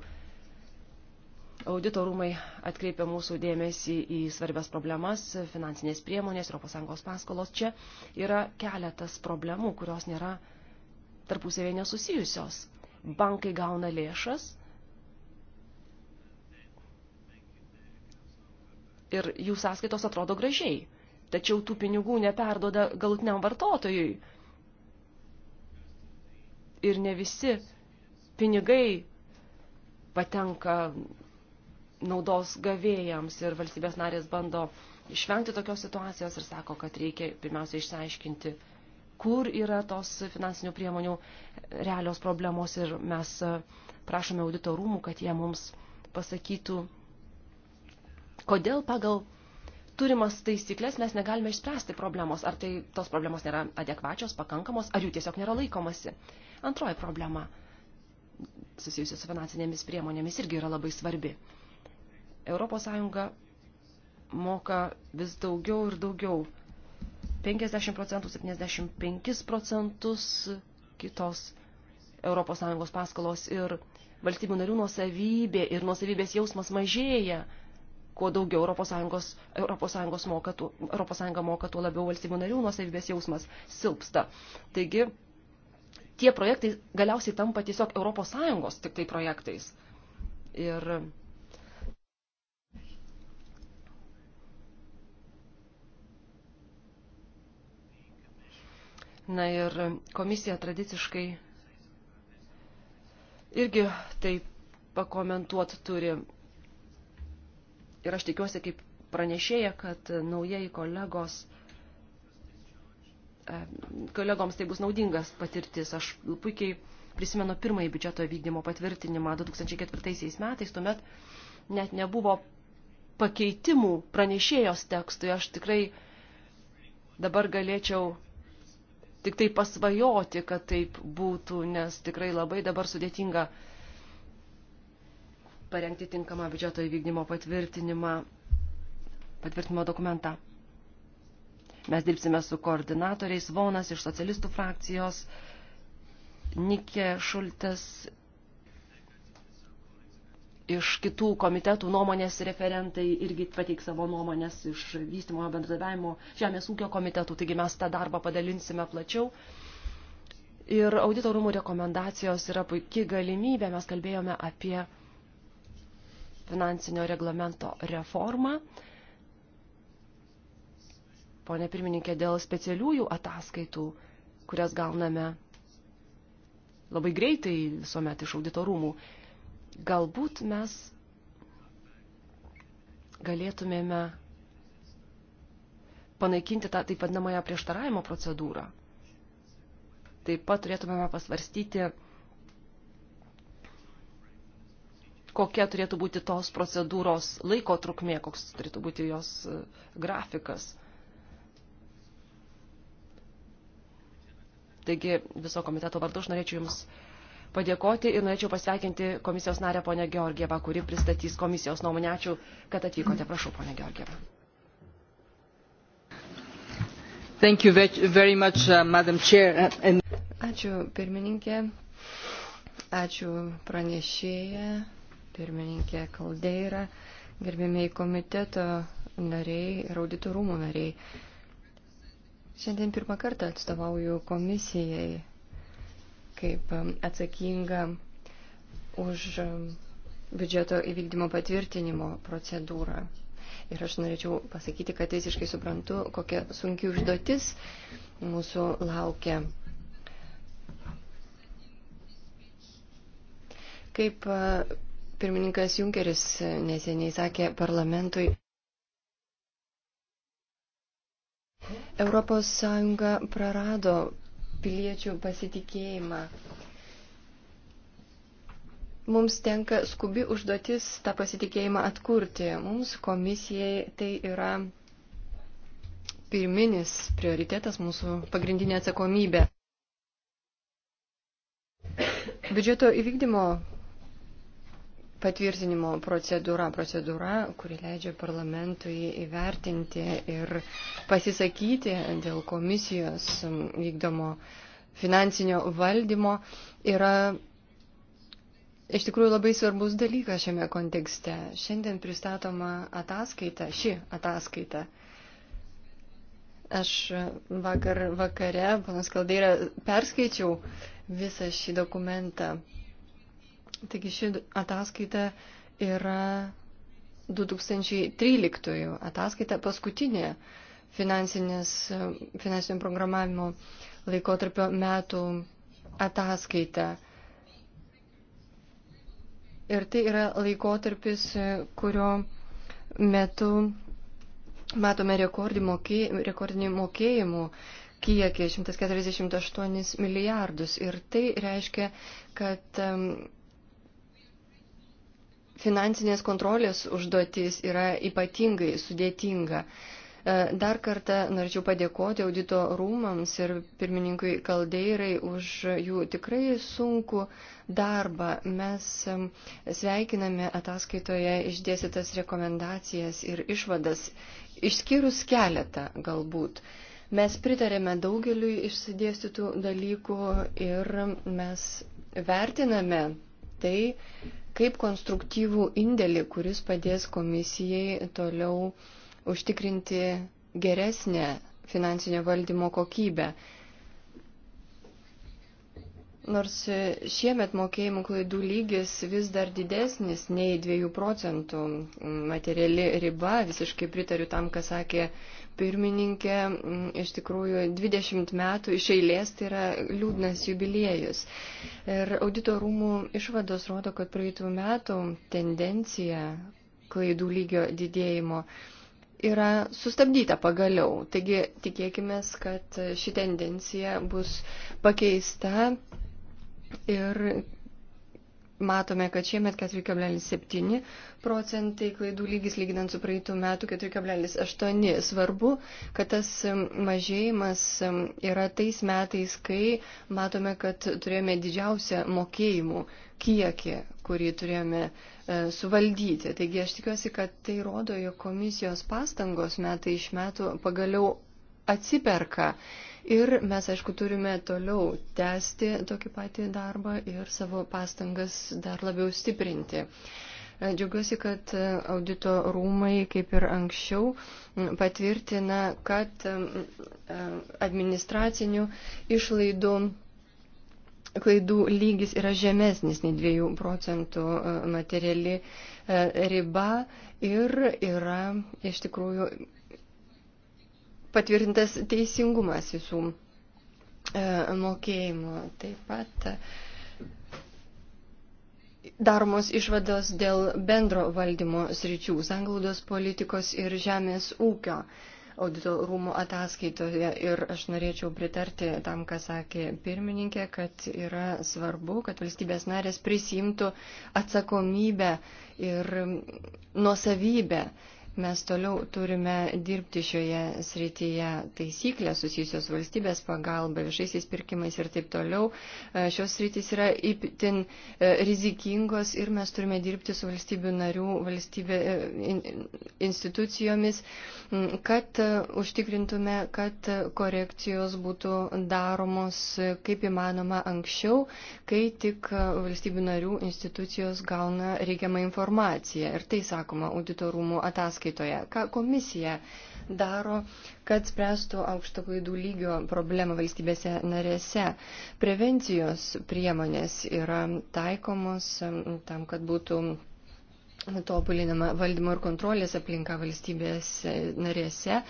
Audito rūmai atkreipia mūsų dėmesį į svarbias problemas, finansinės priemonės, ES paskolos. Čia yra keletas problemų, kurios nėra tarpusavėje nesusijusios. Bankai gauna lėšas ir jų sąskaitos atrodo gražiai, tačiau tų pinigų neperdoda galutiniam vartotojui ir ne visi pinigai patenka naudos gavėjams ir valstybės narės bando išvengti tokios situacijos ir sako, kad reikia pirmiausia išsiaiškinti, kur yra tos finansinių priemonių realios problemos ir mes e, prašome audito rūmų, kad jie mums pasakytų, kodėl pagal turimas taisyklės mes negalime išspręsti problemos. Ar tai tos problemos nėra adekvačios, pakankamos, ar jų tiesiog nėra laikomasi. Antroji problema susijusi su finansinėmis priemonėmis irgi yra labai svarbi. Europos Sąjunga moka vis daugiau ir daugiau. 50 procentų, 75 procentus kitos Europos Sąjungos paskolos ir valstybių narių nuosavybė ir nuosavybės jausmas mažėja – kuo daugiau ES, ES, moka, tuo, ES moka, tuo labiau valstybių narių nuosavybės jausmas silpsta. Taigi, tie projektai galiausiai tampa tiesiog ES tik tai projektais. Ir Na ir komisija tradiciškai irgi taip pakomentuot turi ir aš tikiuosi kaip pranešėja, kad naujieji kolegos, e, kolegoms tai bus naudingas patirtis. Aš puikiai prisimenu pirmąjį biudžeto vykdymo patvirtinimą 2004 metais, tuomet net nebuvo pakeitimų pranešėjos tekstui. Aš tikrai dabar galėčiau tik tai pasvajoti, kad taip būtų, nes tikrai labai dabar sudėtinga uh, parengti tinkamą biudžeto įvykdymo patvirtinimą, patvirtinimo dokumentą. Mes dirbsime su koordinatoriais Vonas iš socialistų frakcijos, Nikė Šultas iš kitų komitetų nuomonės referentai irgi pateiks savo nuomonės iš vystymo bendradavimo žemės ūkio komitetų, taigi mes tą darbą padalinsime plačiau. Ir audito rūmų rekomendacijos yra puikiai galimybė, mes kalbėjome apie finansinio reglamento reformą. Pone pirmininkė, dėl specialiųjų ataskaitų, kurias gauname labai greitai visuomet iš auditorumų, galbūt mes galėtumėme panaikinti tą taip vadinamąją prieštaravimo procedūrą. Taip pat turėtumėme pasvarstyti kokia turėtų būti tos procedūros laiko trukmė, koks turėtų būti jos e, grafikas. Taigi viso komiteto vardu aš norėčiau Jums padėkoti ir norėčiau pasveikinti komisijos narę ponę Georgievą, kuri pristatys komisijos nuomonę. Ačiū, kad atvykote. Prašau, ponė Georgieva. Thank you very much, uh, Madam Chair. Uh, and... Ačiū, pirmininkė. Ačiū pranešėja pirmininkė Kaldeira, gerbėmiai komiteto nariai ir auditorumų nariai. Šiandien pirmą kartą atstovauju komisijai kaip um, atsakinga už um, biudžeto įvykdymo patvirtinimo procedūrą. Ir aš norėčiau pasakyti, kad teisiškai suprantu, kokia sunki užduotis mūsų laukia. Kaip uh, Pirmininkas Junkeris neseniai sakė parlamentui. Europos Sąjunga prarado piliečių pasitikėjimą. Mums tenka skubi užduotis tą pasitikėjimą atkurti. Mums komisijai tai yra pirminis prioritetas, mūsų pagrindinė atsakomybė. Biudžeto įvykdymo patvirtinimo procedūra, procedūra, kuri leidžia parlamentui įvertinti ir pasisakyti dėl komisijos vykdomo finansinio valdymo, yra iš tikrųjų labai svarbus dalykas šiame kontekste. Šiandien pristatoma ataskaita, ši ataskaita. Aš vakar vakare, panas Kaldaira, perskaičiau visą šį dokumentą Taigi ši ataskaita yra 2013 ataskaita paskutinė finansinio programavimo laikotarpio metų ataskaita. Ir tai yra laikotarpis, kurio metu matome rekordinį mokėjimų kiekį 148 milijardus. Ir tai reiškia, kad um, finansinės kontrolės užduotis yra ypatingai sudėtinga. E, dar kartą norėčiau padėkoti audito rūmams ir pirmininkui Kaldeirai už jų tikrai sunku darbą. Mes sveikiname ataskaitoje išdėsitas rekomendacijas ir išvadas, išskyrus keletą galbūt. Mes pritarėme daugeliu išsidėstytų dalykų ir mes vertiname tai, kaip konstruktyvų indėlį, kuris padės komisijai toliau užtikrinti geresnę finansinio valdymo kokybę. Nors šiemet mokėjimų klaidų lygis vis dar didesnis nei 2 procentų materiali riba, visiškai pritariu tam, ką sakė pirmininkė, iš tikrųjų 20 metų iš eilės tai yra liūdnas jubiliejus. Ir audito rūmų išvados rodo, kad praeitų metų tendencija klaidų lygio didėjimo yra sustabdyta pagaliau. Taigi tikėkime, kad ši tendencija bus pakeista ir matome, kad šiemet 4,7 procentai klaidų lygis lyginant su praeitų metų 4,8. Svarbu, kad tas mažėjimas yra tais metais, kai matome, kad turėjome didžiausią mokėjimų kiekį, kurį turėjome e, suvaldyti. Taigi aš tikiuosi, kad tai rodo, jog komisijos pastangos metai iš metų pagaliau atsiperka. Ir mes, aišku, turime toliau tęsti tokį patį darbą ir savo pastangas dar labiau stiprinti. Džiaugiuosi, kad audito rūmai, kaip ir anksčiau, patvirtina, kad e, administracinių išlaidų klaidų lygis yra žemesnis nei 2 procentų e, materiali e, riba ir yra iš tikrųjų patvirtintas teisingumas visų e, mokėjimų. Taip pat e, daromos išvados dėl bendro valdymo sričių, sanglaudos politikos ir žemės ūkio audito rūmų ataskaitoje. Ir aš norėčiau pritarti tam, ką sakė pirmininkė, kad yra svarbu, kad valstybės narės prisimtų atsakomybę ir nuosavybę Mes toliau turime dirbti šioje srityje taisyklę susijusios valstybės pagalba, viešaisiais pirkimais ir taip toliau. E, šios sritys yra itin e, rizikingos ir mes turime dirbti su valstybių narių valstybė, e, institucijomis, kad užtikrintume, kad korekcijos būtų daromos kaip įmanoma anksčiau, kai tik valstybių narių institucijos gauna reikiamą informaciją. Ir tai sakoma auditorumų ataskaitą ataskaitoje, ką komisija daro, kad spręstų aukšto klaidų lygio problemą valstybėse narėse. Prevencijos priemonės yra taikomos tam, kad būtų tobulinama valdymo ir kontrolės aplinka valstybės narėse,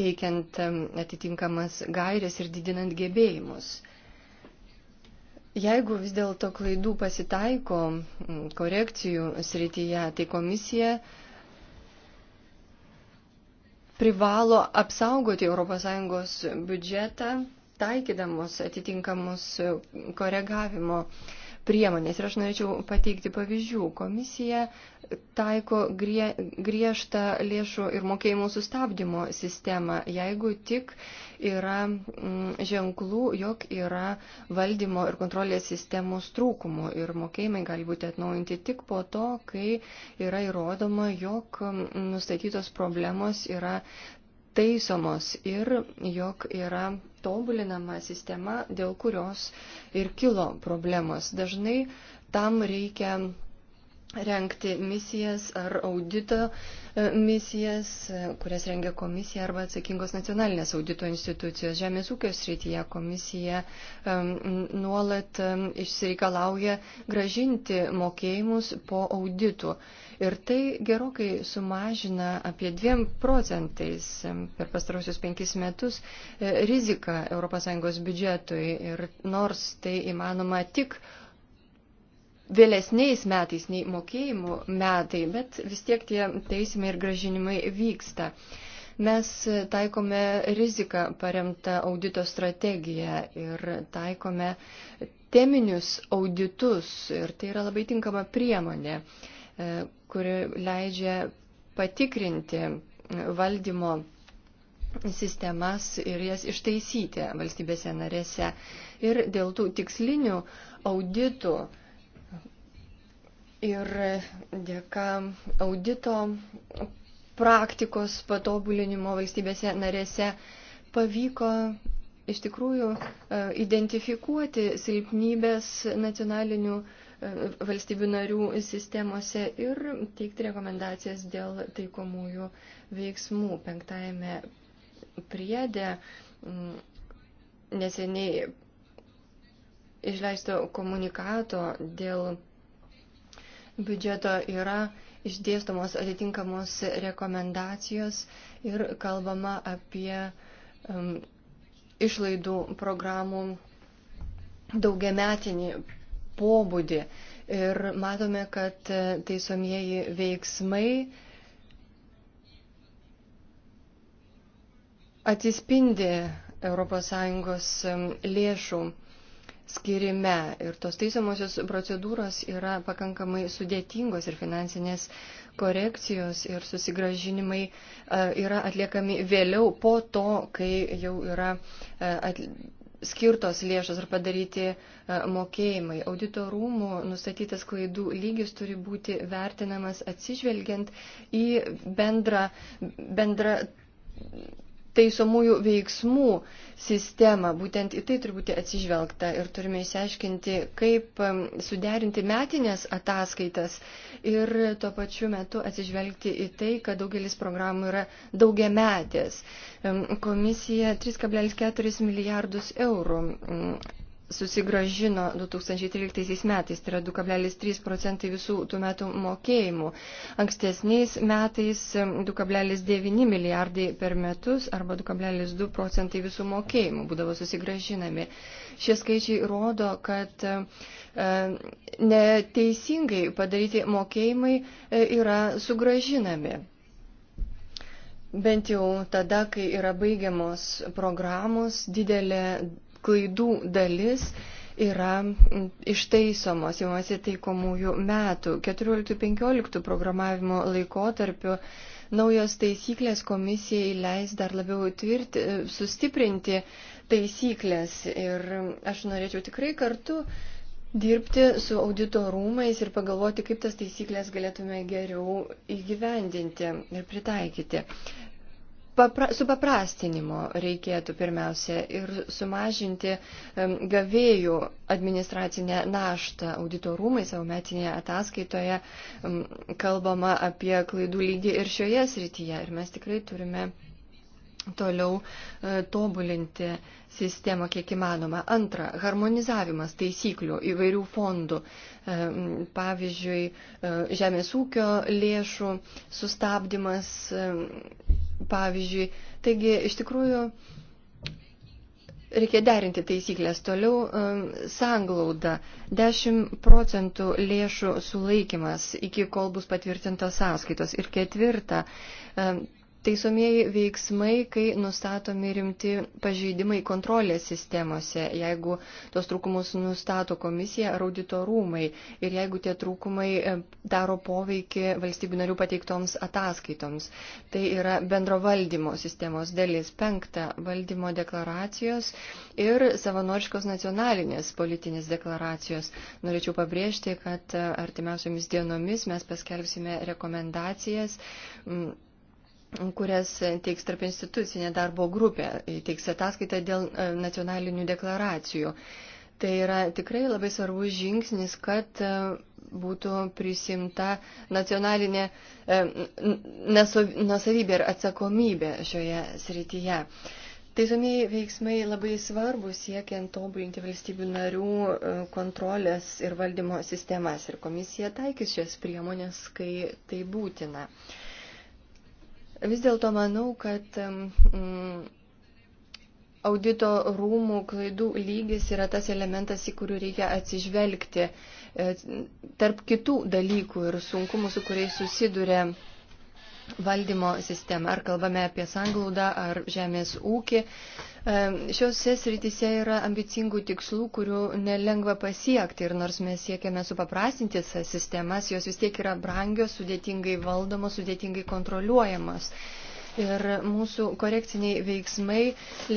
teikiant atitinkamas gairias ir didinant gebėjimus. Jeigu vis dėlto klaidų pasitaiko korekcijų srityje, tai komisija privalo apsaugoti ES biudžetą, taikydamos atitinkamus koregavimo priemonės. Ir aš norėčiau pateikti pavyzdžių. Komisija taiko grie, griežtą lėšų ir mokėjimų sustabdymo sistemą, jeigu tik yra m, mm, ženklų, jog yra valdymo ir kontrolės sistemos trūkumų ir mokėjimai gali būti atnaujinti tik po to, kai yra įrodoma, jog mm, nustatytos problemos yra taisomos ir jog yra tobulinama sistema, dėl kurios ir kilo problemos. Dažnai tam reikia renkti misijas ar audito e, misijas, e, kurias rengia komisija arba atsakingos nacionalinės audito institucijos. Žemės ūkio srityje komisija e, nuolat išsireikalauja gražinti mokėjimus po auditų. Ir tai gerokai sumažina apie 2 procentais per pastarosius penkis metus riziką ES biudžetui. Ir nors tai įmanoma tik vėlesniais metais nei mokėjimų metai, bet vis tiek tie teisimai ir gražinimai vyksta. Mes taikome riziką paremtą audito strategiją ir taikome teminius auditus ir tai yra labai tinkama priemonė, e, kuri leidžia patikrinti valdymo sistemas ir jas ištaisyti valstybėse narėse. Ir dėl tų tikslinių auditų ir dėka audito praktikos patobulinimo valstybėse narėse pavyko iš tikrųjų e, identifikuoti silpnybės nacionalinių e, valstybių narių sistemose ir teikti rekomendacijas dėl taikomųjų veiksmų. Penktajame priedė neseniai išleisto komunikato dėl biudžeto yra išdėstomos atitinkamos rekomendacijos ir kalbama apie um, išlaidų programų daugiametinį pobūdį. Ir matome, kad teisomieji veiksmai atsispindi ES lėšų skirime. Ir tos teisiamosios procedūros yra pakankamai sudėtingos ir finansinės korekcijos ir susigražinimai e, yra atliekami vėliau po to, kai jau yra e, atliekami skirtos lėšos ar padaryti e, mokėjimai. Audito rūmų nustatytas klaidų lygis turi būti vertinamas atsižvelgiant į bendrą, bendrą taisomųjų veiksmų sistemą. Būtent į tai turbūt atsižvelgta ir turime įsiaiškinti, kaip suderinti metinės ataskaitas ir tuo pačiu metu atsižvelgti į tai, kad daugelis programų yra daugiametės. Komisija 3,4 milijardus eurų susigražino 2013 metais, tai yra 2,3 procentai visų tų metų mokėjimų. Ankstesniais metais 2,9 milijardai per metus arba 2,2 procentai visų mokėjimų būdavo susigražinami. Šie skaičiai rodo, kad e, neteisingai padaryti mokėjimai e, yra sugražinami. Bent jau tada, kai yra baigiamos programos, didelė klaidų dalis yra ištaisomos jaunuose taikomųjų metų. 14-15 programavimo laikotarpiu naujos taisyklės komisijai leis dar labiau tvirti, sustiprinti taisyklės. Ir aš norėčiau tikrai kartu dirbti su audito rūmais ir pagalvoti, kaip tas taisyklės galėtume geriau įgyvendinti ir pritaikyti papra, supaprastinimo reikėtų pirmiausia ir sumažinti gavėjų administracinę naštą. Auditorumai savo metinėje ataskaitoje kalbama apie klaidų lygį ir šioje srityje. Ir mes tikrai turime toliau e, tobulinti sistemą kiek įmanoma. Antra, harmonizavimas taisyklių įvairių fondų, e, pavyzdžiui, e, žemės ūkio lėšų sustabdymas pavyzdžiui. Taigi, iš tikrųjų, reikia derinti taisyklės. Toliau um, sanglauda. 10 procentų lėšų sulaikimas iki kol bus patvirtintos sąskaitos. Ir ketvirta, um, Teisomieji veiksmai, kai nustatomi rimti pažeidimai kontrolės sistemose, jeigu tos trūkumus nustato komisija ar auditorumai ir jeigu tie trūkumai e, daro poveikį valstybių narių pateiktoms ataskaitoms. Tai yra bendro valdymo sistemos dalis penkta valdymo deklaracijos ir savanoriškos nacionalinės politinės deklaracijos. Norėčiau pabrėžti, kad e, artimiausiomis dienomis mes paskelbsime rekomendacijas. M, kurias teiks tarp institucinė darbo grupė, teiks ataskaitą dėl e, nacionalinių deklaracijų. Tai yra tikrai labai svarbus žingsnis, kad e, būtų prisimta nacionalinė e, nusavybė ir atsakomybė šioje srityje. Teisomieji veiksmai labai svarbus siekiant tobulinti valstybių narių kontrolės ir valdymo sistemas ir komisija taikys šias priemonės, kai tai būtina. Uh, Vis dėlto manau, kad mm, audito rūmų klaidų lygis yra tas elementas, į kurį reikia atsižvelgti e, tarp kitų dalykų ir sunkumų, su kuriais susiduria valdymo sistemą, ar kalbame apie sanglaudą, ar žemės ūkį. E, Šiuose srityse yra ambicingų tikslų, kurių nelengva pasiekti ir nors mes siekiame supaprastinti sistemas, jos vis tiek yra brangios, sudėtingai valdomos, sudėtingai kontroliuojamos. Ir mūsų korekciniai veiksmai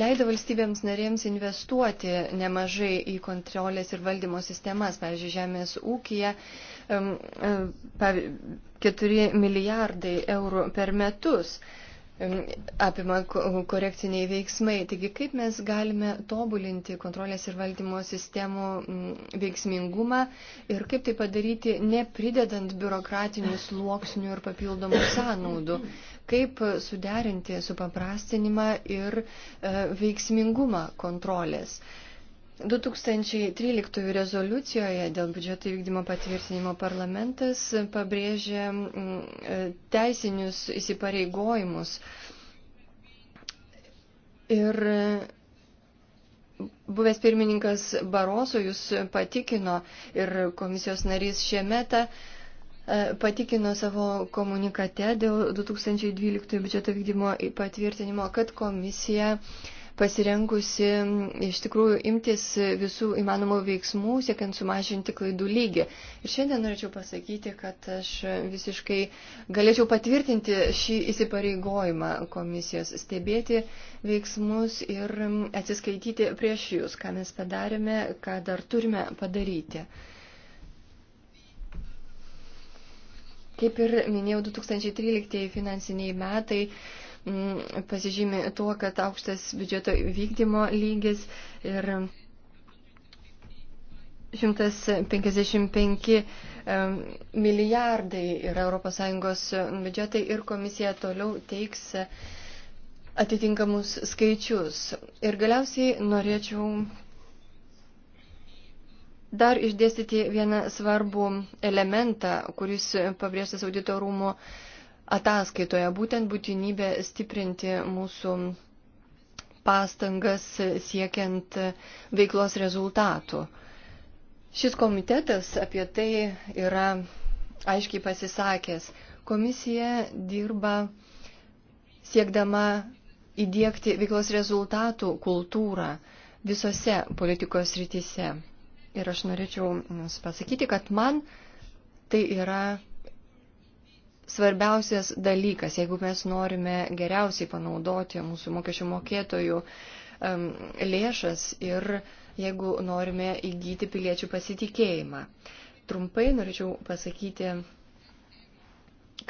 leido valstybėms narėms investuoti nemažai į kontrolės ir valdymo sistemas. Pavyzdžiui, žemės ūkija 4 e, milijardai eurų per metus apima korekciniai veiksmai. Taigi, kaip mes galime tobulinti kontrolės ir valdymo sistemų veiksmingumą ir kaip tai padaryti, nepridedant biurokratinių sluoksnių ir papildomų sąnaudų kaip suderinti supaprastinimą ir e, veiksmingumą kontrolės. 2013 rezoliucijoje dėl biudžeto įvykdymo patvirtinimo parlamentas pabrėžė e, teisinius įsipareigojimus. Ir e, buvęs pirmininkas Baroso jūs patikino ir komisijos narys Šiemetą, E, patikino savo komunikate dėl 2012 biudžeto vykdymo patvirtinimo, kad komisija pasirengusi iš tikrųjų imtis visų įmanomų veiksmų, siekiant sumažinti klaidų lygį. Ir šiandien norėčiau pasakyti, kad aš visiškai galėčiau patvirtinti šį įsipareigojimą komisijos stebėti veiksmus ir atsiskaityti prieš jūs, ką mes padarėme, ką dar turime padaryti. Kaip ir minėjau, 2013 finansiniai metai mm, pasižymi tuo, kad aukštas biudžeto vykdymo lygis ir 155 milijardai yra ES biudžetai ir komisija toliau teiks atitinkamus skaičius. Ir galiausiai norėčiau dar išdėstyti vieną svarbų elementą, kuris pabrėžtas audito rūmų ataskaitoje, būtent būtinybė stiprinti mūsų pastangas siekiant veiklos rezultatų. Šis komitetas apie tai yra aiškiai pasisakęs. Komisija dirba siekdama įdėkti veiklos rezultatų kultūrą visose politikos rytise. Ir aš norėčiau Jums pasakyti, kad man tai yra svarbiausias dalykas, jeigu mes norime geriausiai panaudoti mūsų mokesčių mokėtojų um, lėšas ir jeigu norime įgyti piliečių pasitikėjimą. Trumpai norėčiau pasakyti,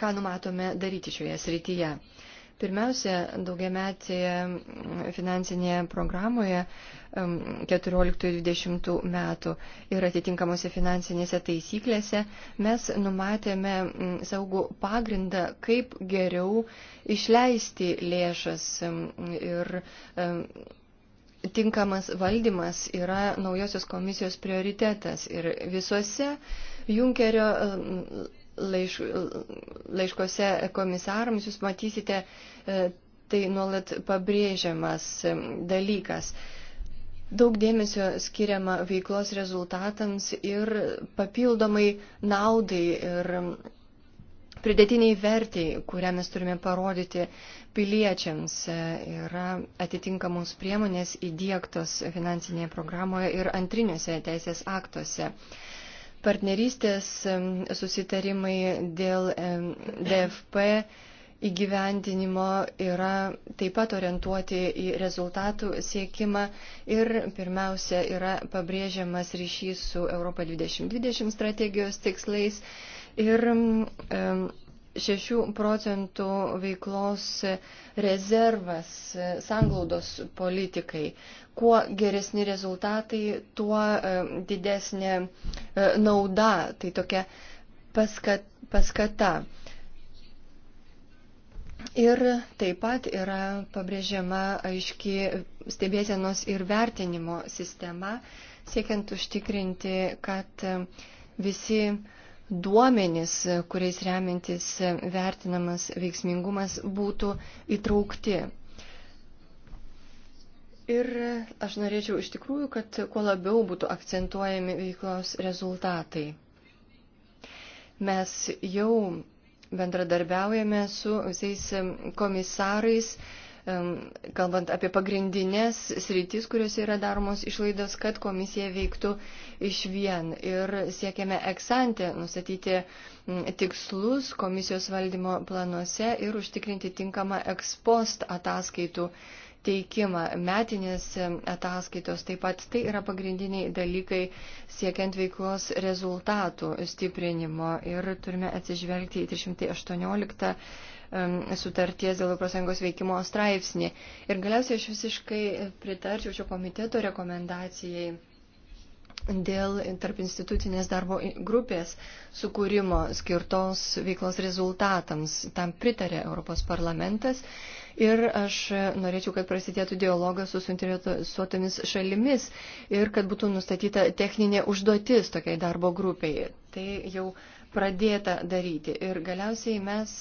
ką numatome daryti šioje srityje. Uh, Pirmiausia, daugiametėje mm, finansinėje programoje 14-20 mm, metų ir atitinkamose finansinėse taisyklėse mes numatėme mm, saugų pagrindą, kaip geriau išleisti lėšas ir tinkamas valdymas yra naujosios komisijos prioritetas ir visuose Junkerio laiš, laiškose komisarams jūs matysite, e, tai nuolat pabrėžiamas e, dalykas. Daug dėmesio skiriama veiklos rezultatams ir papildomai naudai ir pridėtiniai vertiai, kurią mes turime parodyti piliečiams, e, yra atitinkamos priemonės įdėktos finansinėje programoje ir antriniuose teisės aktuose partnerystės susitarimai dėl DFP įgyvendinimo yra taip pat orientuoti į rezultatų siekimą ir pirmiausia yra pabrėžiamas ryšys su Europa 2020 strategijos tikslais ir um, 6 procentų veiklos rezervas sanglaudos politikai. Kuo geresni rezultatai, tuo e, didesnė e, nauda, tai tokia paskat, paskata. Ir taip pat yra pabrėžiama aiški stebėsienos ir vertinimo sistema, siekiant užtikrinti, kad visi uh, duomenys, kuriais remintis vertinamas veiksmingumas, būtų įtraukti. Ir aš norėčiau iš tikrųjų, kad kuo labiau būtų akcentuojami veiklos rezultatai. Mes jau bendradarbiaujame su visais komisarais, kalbant apie pagrindinės sritis, kuriuose yra daromos išlaidos, kad komisija veiktų iš vien. Ir siekiame eksantę nustatyti tikslus komisijos valdymo planuose ir užtikrinti tinkamą ekspost ataskaitų teikimą, metinės ataskaitos taip pat. Tai yra pagrindiniai dalykai siekiant veiklos rezultatų stiprinimo ir turime atsižvelgti į 318 sutarties dėl ES veikimo straipsnį. Ir galiausiai aš visiškai pritarčiau šio komiteto rekomendacijai dėl tarp institucinės darbo grupės sukūrimo skirtos veiklos rezultatams. Tam pritarė Europos parlamentas. Ir aš norėčiau, kad prasidėtų dialogas su suinteresuotomis šalimis ir kad būtų nustatyta techninė užduotis tokiai darbo grupiai. Tai jau pradėta daryti. Ir galiausiai mes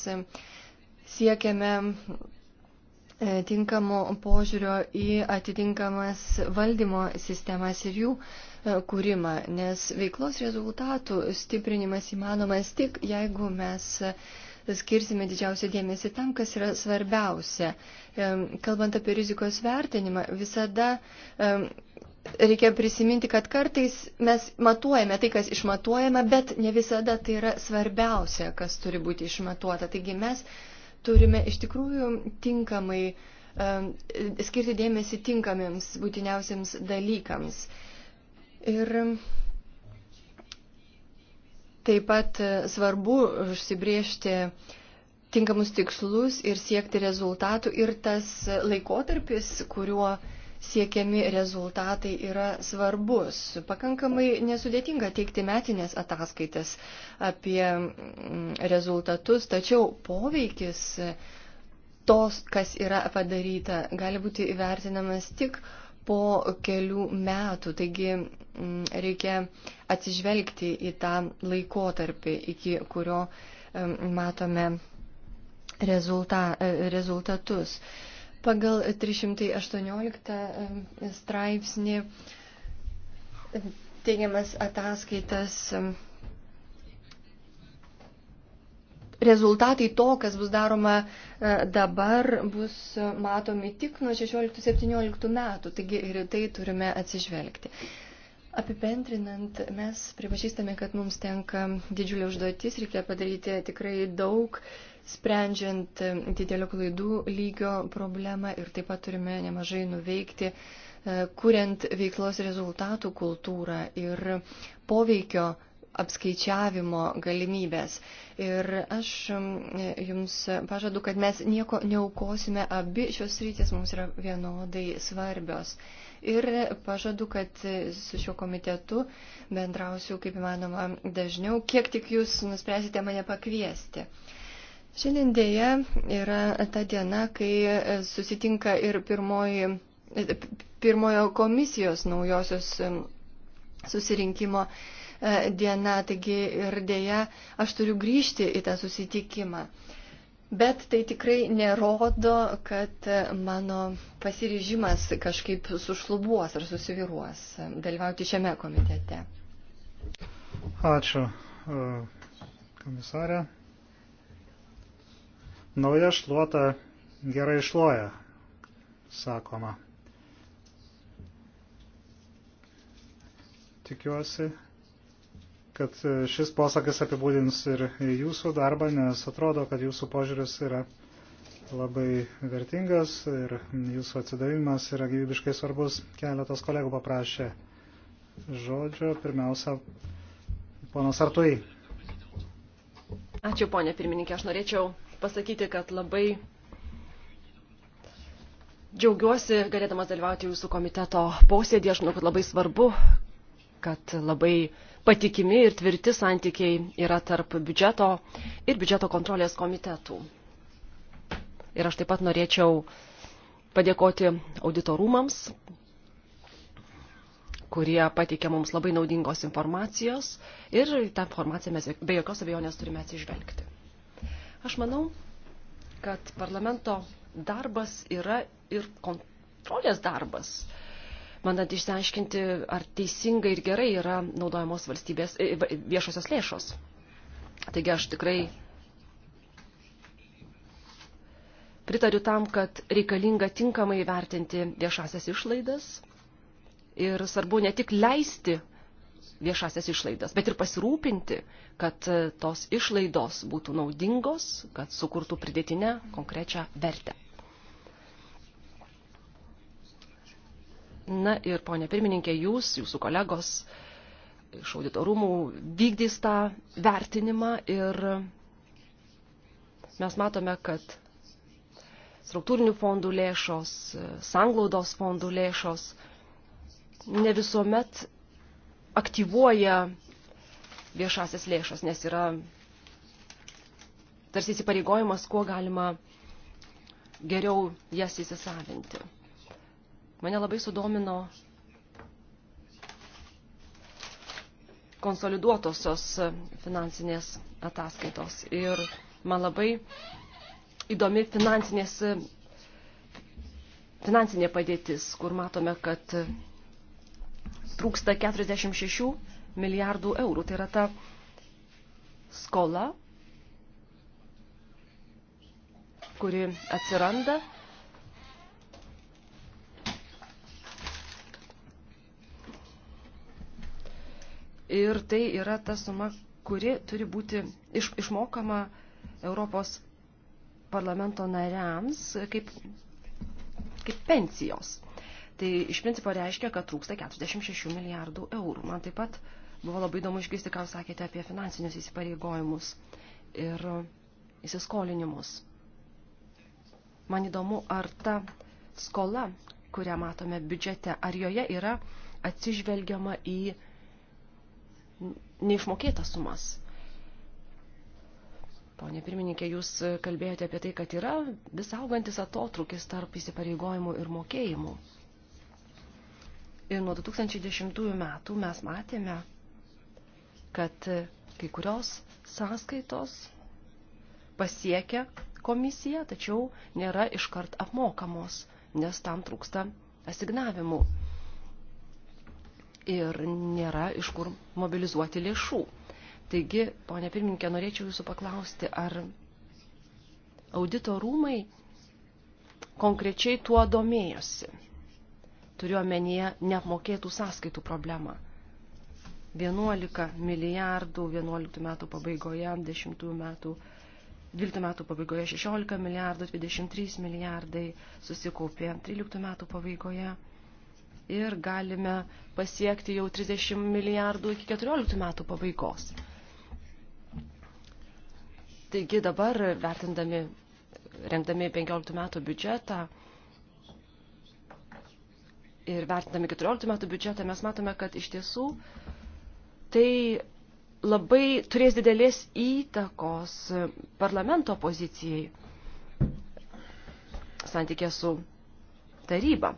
siekiame e, tinkamo požiūrio į atitinkamas valdymo sistemas ir jų e, kūrimą, nes veiklos rezultatų stiprinimas įmanomas tik jeigu mes e, skirsime didžiausią dėmesį tam, kas yra svarbiausia. Kalbant apie rizikos vertinimą, visada reikia prisiminti, kad kartais mes matuojame tai, kas išmatuojame, bet ne visada tai yra svarbiausia, kas turi būti išmatuota. Taigi mes turime iš tikrųjų tinkamai skirti dėmesį tinkamiems būtiniausiams dalykams. Ir taip pat e, svarbu užsibriežti tinkamus tikslus ir siekti rezultatų ir tas laikotarpis, kuriuo uh, siekiami rezultatai yra svarbus. Pakankamai nesudėtinga teikti metinės ataskaitas apie mm, rezultatus, tačiau poveikis tos, kas yra padaryta, gali būti įvertinamas tik po kelių metų. Taigi mm, reikia atsižvelgti į tą laikotarpį, iki kurio mm, matome rezulta, e, rezultatus. Pagal 318 e, straipsnį e, teigiamas ataskaitas e, rezultatai to, kas bus daroma dabar, bus matomi tik nuo 16-17 metų, taigi ir tai turime atsižvelgti. Apipendrinant, mes pripažįstame, kad mums tenka didžiulė užduotis, reikia padaryti tikrai daug, uh, sprendžiant didelio klaidų lygio problemą ir taip pat turime nemažai nuveikti, e, kuriant veiklos rezultatų kultūrą ir poveikio apskaičiavimo galimybės. Ir aš jums pažadu, kad mes nieko neaukosime, abi šios rytis mums yra vienodai svarbios. Ir pažadu, kad su šiuo komitetu bendrausiu kaip įmanoma dažniau, kiek tik jūs nuspręsite mane pakviesti. Uh, Šiandien dėja yra ta diena, kai susitinka ir pirmoji, pirmojo komisijos naujosios susirinkimo e, diena, taigi ir dėja aš turiu grįžti į tą susitikimą. Bet tai tikrai nerodo, kad mano pasiryžimas kažkaip sušlubuos ar susiviruos dalyvauti šiame komitete. Ačiū, e, komisarė. Nauja šluota gerai išloja, sakoma. Tikiuosi, kad šis posakis apibūdins ir jūsų darbą, nes atrodo, kad jūsų požiūris yra labai vertingas ir jūsų atsidavimas yra gyvybiškai svarbus. Keletas kolegų paprašė žodžio. Pirmiausia, ponas Artui. Ačiū, ponė pirmininkė. Aš norėčiau pasakyti, kad labai džiaugiuosi galėdamas dalyvauti jūsų komiteto posėdį. Aš manau, kad labai svarbu, kad labai patikimi ir tvirti santykiai yra tarp biudžeto ir biudžeto kontrolės komitetų. Ir aš taip pat norėčiau padėkoti auditorumams, kurie pateikė mums labai naudingos informacijos ir tą informaciją mes be jokios abejonės turime atsižvelgti. Aš manau, kad parlamento darbas yra ir kontrolės darbas. Manant išsiaiškinti, ar teisingai ir gerai yra naudojamos valstybės e, viešosios lėšos. Taigi aš tikrai pritariu tam, kad reikalinga tinkamai vertinti viešasias išlaidas ir svarbu ne tik leisti viešasias išlaidas, bet ir pasirūpinti, kad e, tos išlaidos būtų naudingos, kad sukurtų pridėtinę konkrečią vertę. Na ir, ponė pirmininkė, jūs, jūsų kolegos iš auditorumų vykdys tą vertinimą ir mes matome, kad struktūrinių fondų lėšos, e, sanglaudos fondų lėšos ne visuomet aktyvuoja viešasias lėšas, nes yra tarsi įsipareigojimas, kuo galima geriau jas įsisavinti. Mane labai sudomino konsoliduotosios finansinės ataskaitos ir man labai įdomi finansinės, finansinė padėtis, kur matome, kad trūksta 46 milijardų eurų. Tai yra ta skola, kuri atsiranda. Ir tai yra ta suma, kuri turi būti iš, išmokama Europos parlamento nariams kaip, kaip pensijos tai iš principo reiškia, kad trūksta 46 milijardų eurų. Man taip pat buvo labai įdomu išgirsti, ką jūs sakėte apie finansinius įsipareigojimus ir įsiskolinimus. Man įdomu, ar ta skola, kurią matome biudžete, ar joje yra atsižvelgiama į neišmokėtas sumas. Pone pirmininkė, jūs kalbėjote apie tai, kad yra vis augantis atotrukis tarp įsipareigojimų ir mokėjimų. Ir nuo 2010 metų mes matėme, kad kai kurios sąskaitos pasiekia komisiją, tačiau nėra iškart apmokamos, nes tam trūksta asignavimų ir nėra iš kur mobilizuoti lėšų. Taigi, ponė pirmininkė, norėčiau jūsų paklausti, ar audito rūmai konkrečiai tuo domėjosi turiuomenyje neapmokėtų sąskaitų problemą. 11 milijardų 11 metų pabaigoje, 10 metų, 12 metų pabaigoje 16 milijardų, 23 milijardai susikaupė 13 metų pabaigoje ir galime pasiekti jau 30 milijardų iki 14 metų pabaigos. Taigi dabar, vertindami, rengdami 15 metų biudžetą, ir vertindami 14 metų biudžetą mes matome, kad iš tiesų tai labai turės didelės įtakos parlamento pozicijai santykė su taryba.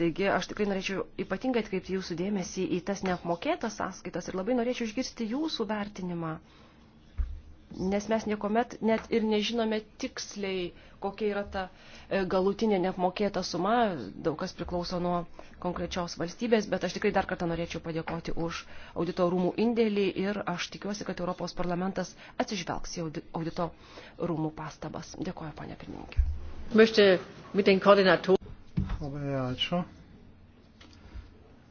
Taigi aš tikrai norėčiau ypatingai atkreipti jūsų dėmesį į tas neapmokėtas sąskaitas ir labai norėčiau išgirsti jūsų vertinimą, nes mes niekuomet net ir nežinome tiksliai, kokia yra ta e, galutinė neapmokėta suma, daug kas priklauso nuo konkrečios valstybės, bet aš tikrai dar kartą norėčiau padėkoti už audito rūmų indėlį ir aš tikiuosi, kad Europos parlamentas atsižvelgs į audito rūmų pastabas. Dėkuoju, ponia pirmininkė. Labai ačiū.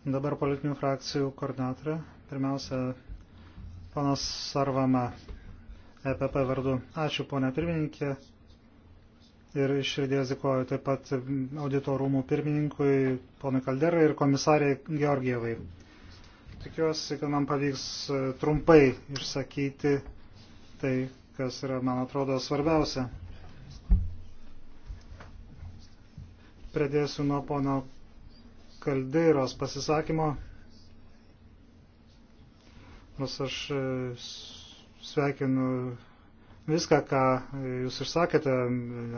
Dabar politinių frakcijų koordinatorė. Pirmiausia, panas Sarvama, EPP vardu. Ačiū, ponia pirmininkė ir iširdies dėkoju taip pat audito rūmų pirmininkui ponui Kalderai ir komisariai Georgievai. Tikiuosi, kad man pavyks e, trumpai išsakyti tai, kas yra, man atrodo, svarbiausia. Pradėsiu nuo pono Kaldeiros pasisakymo, nors aš e, sveikinu viską, ką jūs išsakėte,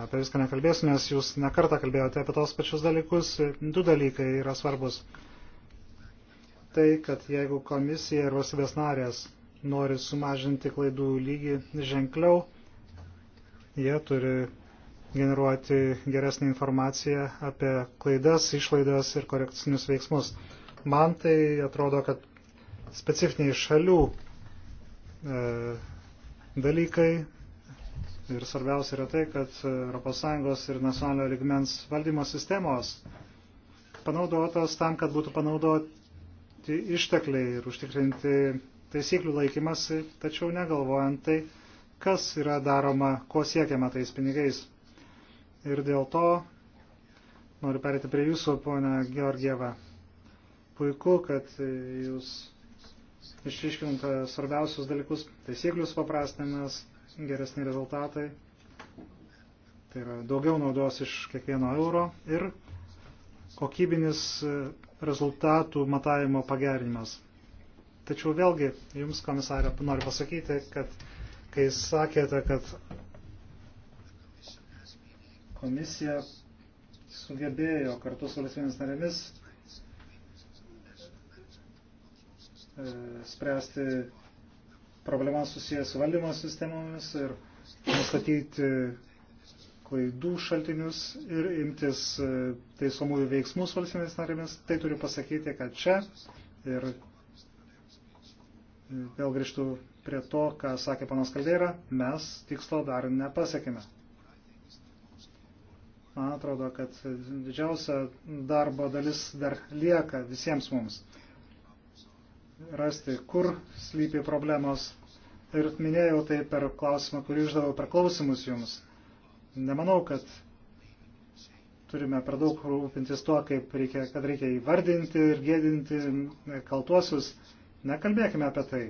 apie viską nekalbėsiu, nes jūs nekartą kalbėjote apie tos pačius dalykus. Du dalykai yra svarbus. Tai, kad jeigu komisija ir valstybės narės nori sumažinti klaidų lygį ženkliau, jie turi generuoti geresnį informaciją apie klaidas, išlaidas ir korekcinius veiksmus. Man tai atrodo, kad specifiniai šalių e, dalykai Ir svarbiausia yra tai, kad ES ir nacionalinio ligmens valdymo sistemos panaudotos tam, kad būtų panaudoti ištekliai ir užtikrinti taisyklių laikymasi, tačiau negalvojant tai, kas yra daroma, ko siekiama tais pinigais. Ir dėl to noriu perėti prie jūsų, ponia Georgieva. Puiku, kad jūs išriškinate svarbiausius dalykus, taisyklių supaprastinimas, geresni rezultatai. Tai yra daugiau naudos iš kiekvieno euro ir kokybinis e, rezultatų matavimo pagerinimas. Tačiau vėlgi, jums komisarė, noriu pasakyti, kad kai sakėte, kad komisija sugebėjo kartu su valstybėmis narėmis e, spręsti problemas susijęs su valdymo sistemomis ir nustatyti klaidų šaltinius ir imtis e, teisomųjų veiksmų su valstybės narėmis. Tai turiu pasakyti, kad čia ir e, vėl grįžtų prie to, ką sakė panas Kaldeira, mes tikslo dar nepasiekime. Man atrodo, kad didžiausia darbo dalis dar lieka visiems mums rasti, kur slypi problemos. Ir minėjau tai per klausimą, kurį išdavau per klausimus jums. Nemanau, kad turime per daug rūpintis tuo, kaip reikia, kad reikia įvardinti ir gėdinti kaltuosius. Nekalbėkime apie tai.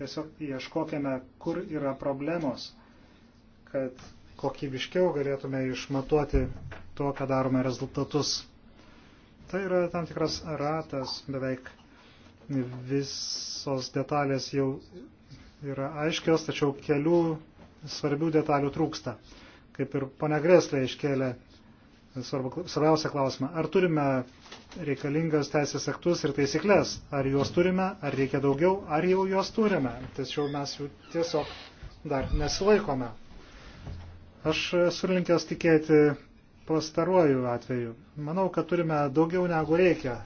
Tiesiog ieškokime, kur yra problemos, kad kokybiškiau galėtume išmatuoti to, ką darome rezultatus. Tai yra tam tikras ratas beveik visos detalės jau yra aiškios, tačiau kelių svarbių detalių trūksta. Kaip ir ponia Greslė iškėlė svarbiausią klausimą, ar turime reikalingas teisės aktus ir taisyklės, ar juos turime, ar reikia daugiau, ar jau juos turime, tačiau mes jų tiesiog dar nesilaikome. Aš surinkęs tikėti pastaruoju atveju. Manau, kad turime daugiau negu reikia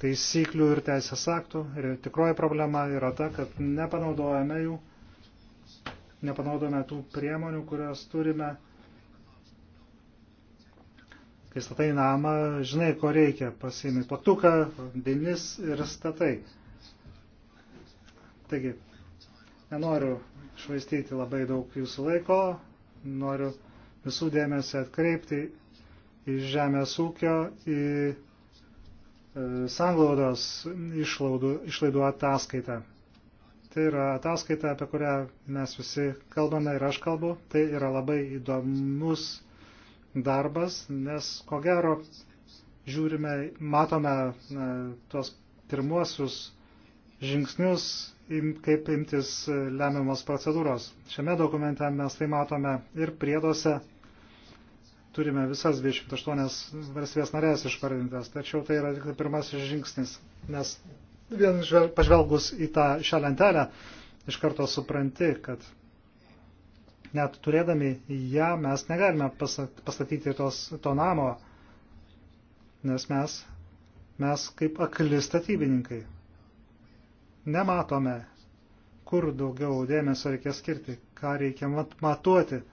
taisyklių ir teisės aktų. Ir tikroji problema yra ta, kad nepanaudojame jų, nepanaudojame tų priemonių, kurias turime. Kai statai namą, žinai, ko reikia, pasiimi plaktuką, dinis ir statai. Taigi, nenoriu švaistyti labai daug jūsų laiko, noriu visų dėmesį atkreipti į žemės ūkio, į E, sanglaudos išlaidų, išlaidų ataskaitą. Tai yra ataskaita, apie kurią mes visi kalbame ir aš kalbu. Tai yra labai įdomus darbas, nes ko gero žiūrime, matome na, tuos pirmuosius žingsnius, im, kaip imtis lemiamos procedūros. Šiame dokumente mes tai matome ir prieduose turime visas 28 valstybės narės išvardintas, tačiau tai yra tik tai pirmasis žingsnis, nes vien pažvelgus į tą šią lentelę iš karto supranti, kad net turėdami ją mes negalime pastatyti tos, to namo, nes mes, mes kaip akli statybininkai nematome, kur daugiau dėmesio reikia skirti, ką reikia matuoti.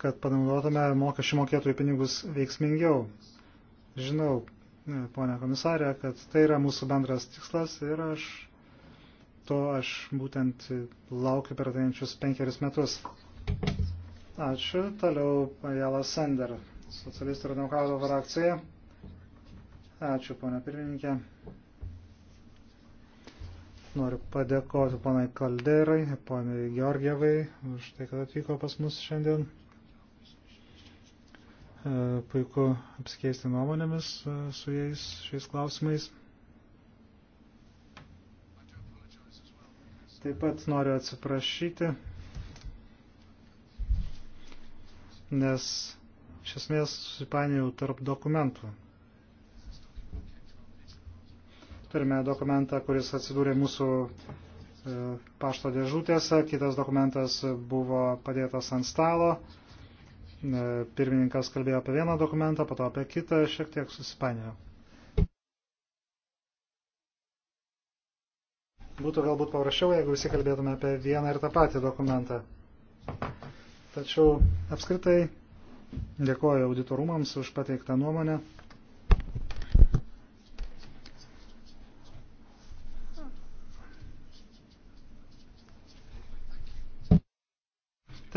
kad panaudotume mokesčių mokėtojų pinigus veiksmingiau. Žinau, e, ponia komisarė, kad tai yra mūsų bendras tikslas ir aš to aš būtent laukiu per ateinančius penkerius metus. Ačiū. Toliau Jala Sender, socialistų ir demokratų frakcija. Ačiū, ponia pirmininkė. Noriu padėkoti ponai Kalderai, ponai Georgievai už tai, kad atvyko pas mus šiandien. E, puiku apsikeisti nuomonėmis e, su jais šiais klausimais. Taip pat noriu atsiprašyti, nes iš esmės susipainėjau tarp dokumentų. Turime dokumentą, kuris atsidūrė mūsų e, pašto dėžutėse, kitas dokumentas buvo padėtas ant stalo pirmininkas kalbėjo apie vieną dokumentą, po to apie kitą, šiek tiek susipanėjo. Būtų galbūt paprasčiau, jeigu visi kalbėtume apie vieną ir tą patį dokumentą. Tačiau apskritai dėkoju auditorumams už pateiktą nuomonę.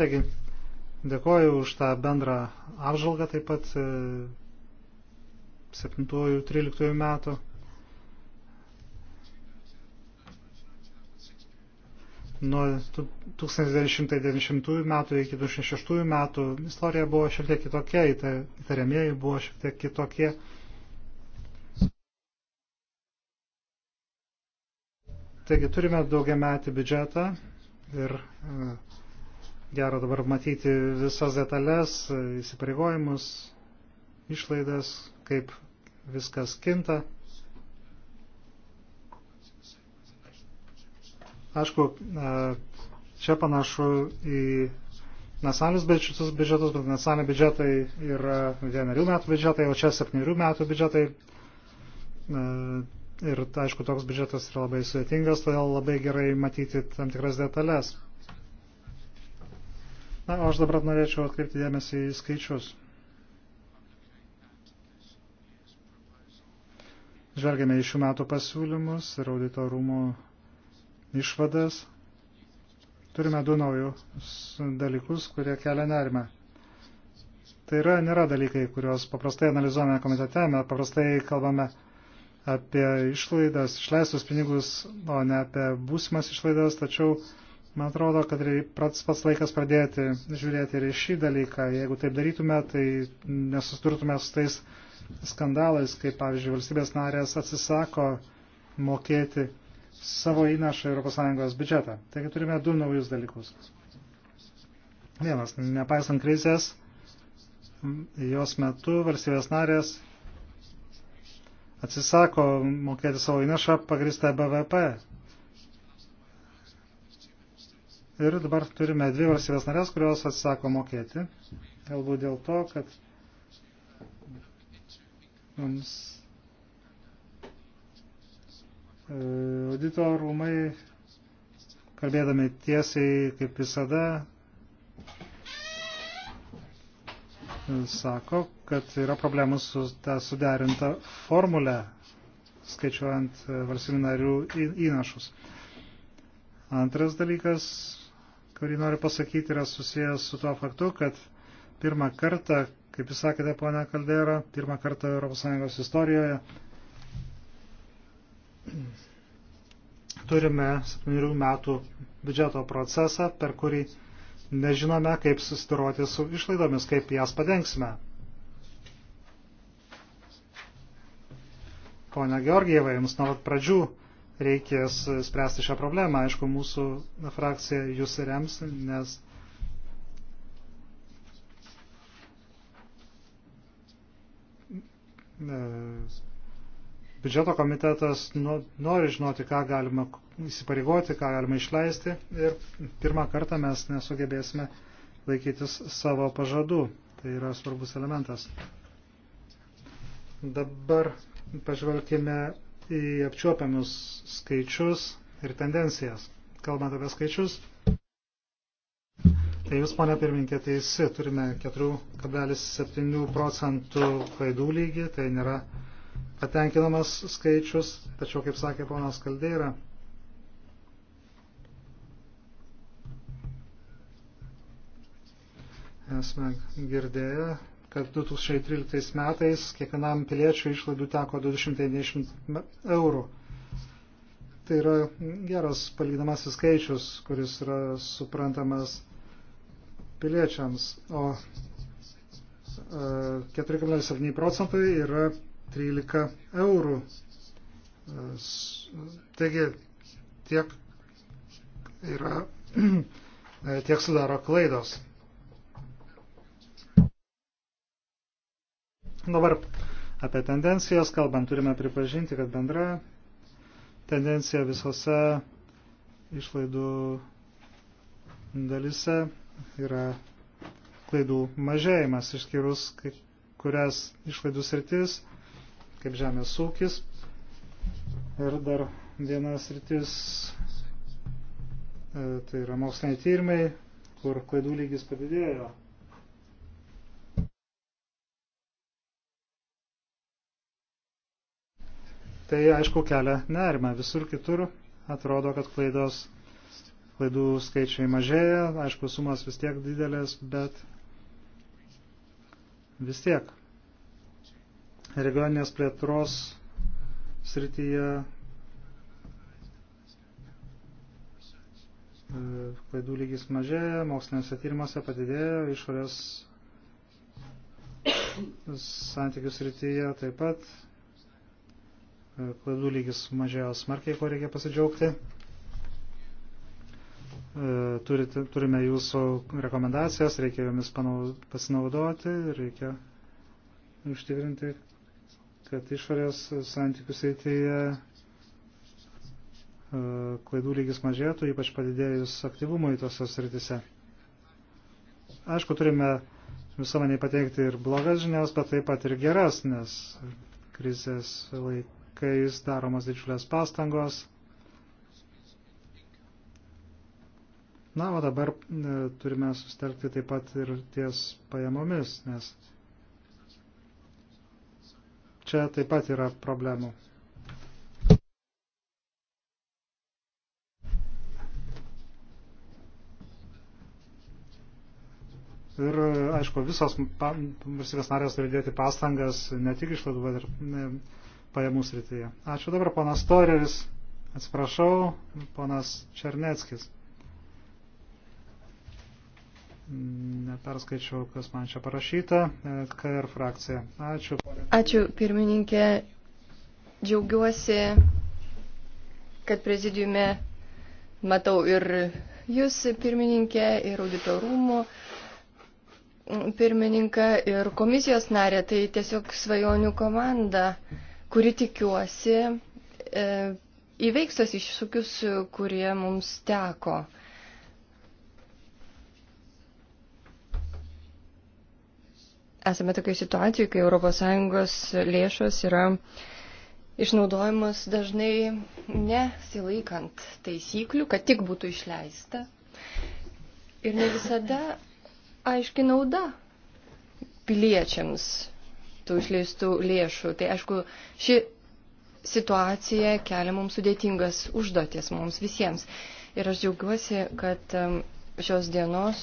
Taigi, Dėkoju už tą bendrą apžvalgą taip pat 7-13 e, metų. Nuo 1990 metų iki 2006 metų istorija buvo šiek tiek kitokia, įtariamieji buvo šiek tiek kitokie. Taigi turime daugiametį biudžetą ir uh, gera dabar matyti visas detalės, įsipareigojimus, išlaidas, kaip viskas kinta. Aišku, čia panašu į nacionalinius biudžetus, biudžetus, bet nacionaliniai biudžetai yra vienerių metų biudžetai, o čia septynerių metų biudžetai. Ir, aišku, toks biudžetas yra labai sudėtingas, todėl labai gerai matyti tam tikras detalės. Na, o aš dabar norėčiau atkreipti dėmesį į skaičius. Žvelgiame į šių metų pasiūlymus ir audito rūmų išvadas. Turime du naujus dalykus, kurie kelia nerimą. Tai yra, nėra dalykai, kuriuos paprastai analizuojame komitete, mes paprastai kalbame apie išlaidas, išleistus pinigus, o ne apie būsimas išlaidas, tačiau Man atrodo, kad pats pats laikas pradėti žiūrėti ir šį dalyką. Jeigu taip darytume, tai nesusidurtume su tais skandalais, kaip pavyzdžiui valstybės narės atsisako mokėti savo įnašą ES biudžetą. Taigi turime du naujus dalykus. Vienas, nepaisant krizės, jos metu valstybės narės atsisako mokėti savo įnašą pagristą BVP Ir dabar turime dvi valstybės narės, kurios atsisako mokėti. Galbūt dėl to, kad mums e, audito rūmai, kalbėdami tiesiai kaip visada, sako, kad yra problemų su ta suderinta formulė, skaičiuojant e, valstybių narių įnašus. Antras dalykas kurį noriu pasakyti, yra susijęs su tuo faktu, kad pirmą kartą, kaip jūs sakėte, ponia Kaldera, pirmą kartą ES istorijoje turime 7 metų biudžeto procesą, per kurį nežinome, kaip susidoroti su išlaidomis, kaip jas padengsime. Pone Georgieva, jums nuo pat pradžių reikės spręsti šią problemą. Aišku, mūsų frakcija jūs rems, nes biudžeto komitetas nori žinoti, ką galima įsipareigoti, ką galima išleisti ir pirmą kartą mes nesugebėsime laikytis savo pažadų. Tai yra svarbus elementas. Dabar pažvelkime į apčiuopiamus skaičius ir tendencijas. Kalbant apie skaičius, tai jūs, ponia pirminkė, teisi, turime 4,7 procentų klaidų lygį, tai nėra patenkinamas skaičius, tačiau, kaip sakė ponas Kaldeira, esame girdėję kad 2013 metais kiekvienam piliečiui išlaidų teko 290 eurų. Tai yra geras palyginamasis skaičius, kuris yra suprantamas piliečiams, o 4,7 e, procentai yra 13 eurų. E, taigi tiek yra, e, tiek sudaro klaidos. Dabar apie tendencijas kalbant, turime pripažinti, kad bendra tendencija visose išlaidų dalise yra klaidų mažėjimas, išskyrus kai kurias išlaidų sritis, kaip žemės ūkis. Ir dar vienas sritis, e, tai yra moksliniai tyrimai, kur klaidų lygis padidėjo Tai aišku kelia nerima. Visur kitur atrodo, kad klaidos, klaidų skaičiai mažėja, aišku, sumas vis tiek didelės, bet vis tiek. Regioninės plėtros srityje e, klaidų lygis mažėja, moksliniuose tyrimuose padidėjo, išorės santykių srityje taip pat klaidų lygis mažėjo smarkiai, ko reikia pasidžiaugti. E, turite, turime jūsų rekomendacijas, reikia jomis pasinaudoti, reikia užtikrinti, kad išorės santykių srityje e, klaidų lygis mažėtų, ypač padidėjus aktyvumui tose sritise. Aišku, turime visuomeniai pateikti ir blogas žinias, bet taip pat ir geras, nes krizės laik, laikais daromas didžiulės pastangos. Na, o dabar e, turime sustelkti taip pat ir ties pajamomis, nes čia taip pat yra problemų. Ir, e, aišku, visos valstybės narės turi dėti pastangas, ne tik išlaidų, bet ir e, pajamų srityje. Ačiū dabar ponas Toreris, atsiprašau, ponas Černeckis. Neperskaičiau, kas man čia parašyta. KR frakcija. Ačiū. Ačiū, pirmininkė. Džiaugiuosi, kad prezidiume matau ir jūs, pirmininkė, ir auditorumų pirmininką, ir komisijos narę. Tai tiesiog svajonių komanda kuri tikiuosi e, įveiks tas iššūkius, kurie mums teko. Esame tokia situacija, kai ES lėšos yra išnaudojamas dažnai nesilaikant taisyklių, kad tik būtų išleista. Ir ne visada aiški nauda piliečiams tų išleistų lėšų. Tai aišku, ši situacija kelia mums sudėtingas užduotis mums visiems. Ir aš džiaugiuosi, kad šios dienos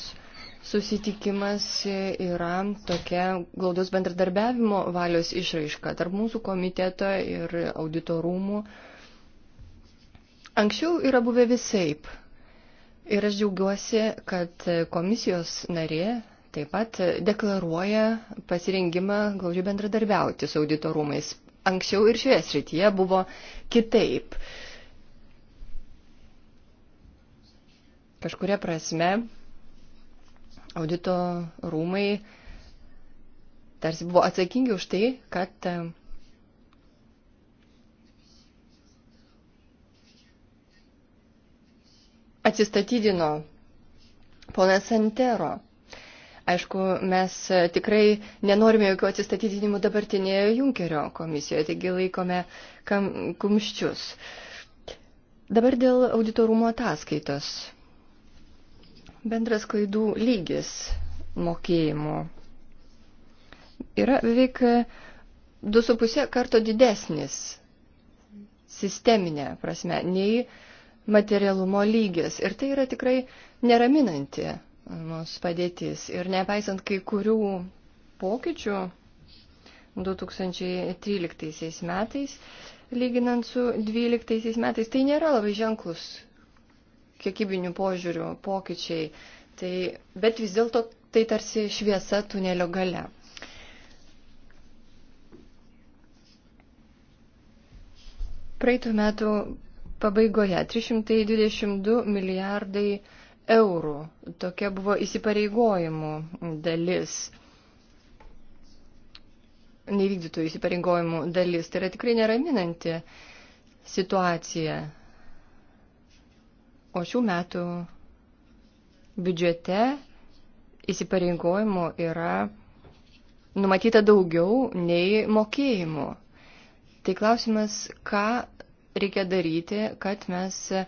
susitikimas yra tokia glaudus bendradarbiavimo valios išraiška tarp mūsų komiteto ir auditorumų. Anksčiau yra buvę visaip. Ir aš džiaugiuosi, kad komisijos narė taip pat deklaruoja pasirengimą glaudžiai bendradarbiauti su auditorumais. Anksčiau ir šioje srityje buvo kitaip. Kažkuria prasme audito rūmai tarsi buvo atsakingi už tai, kad atsistatydino ponas Santero. Aišku, mes e, tikrai nenorime jokių atsistatydinimų dabartinėje Junkerio komisijoje, taigi laikome kam, kumščius. Dabar dėl auditorumo ataskaitos. Bendras klaidų lygis mokėjimų yra beveik 2,5 karto didesnis sisteminė prasme nei materialumo lygis. Ir tai yra tikrai neraminanti mūsų padėtis. Ir nepaisant kai kurių pokyčių 2013 metais, lyginant su 2012 metais, tai nėra labai ženklus kiekybinių požiūrių pokyčiai. Tai, bet vis dėlto tai tarsi šviesa tunelio gale. Praeitų metų pabaigoje 322 milijardai eurų. Tokia buvo įsipareigojimų dalis. Nevykdytų įsipareigojimų dalis. Tai yra tikrai neraminanti situacija. O šių metų biudžete įsipareigojimų yra numatyta daugiau nei mokėjimų. Tai klausimas, ką reikia daryti, kad mes uh,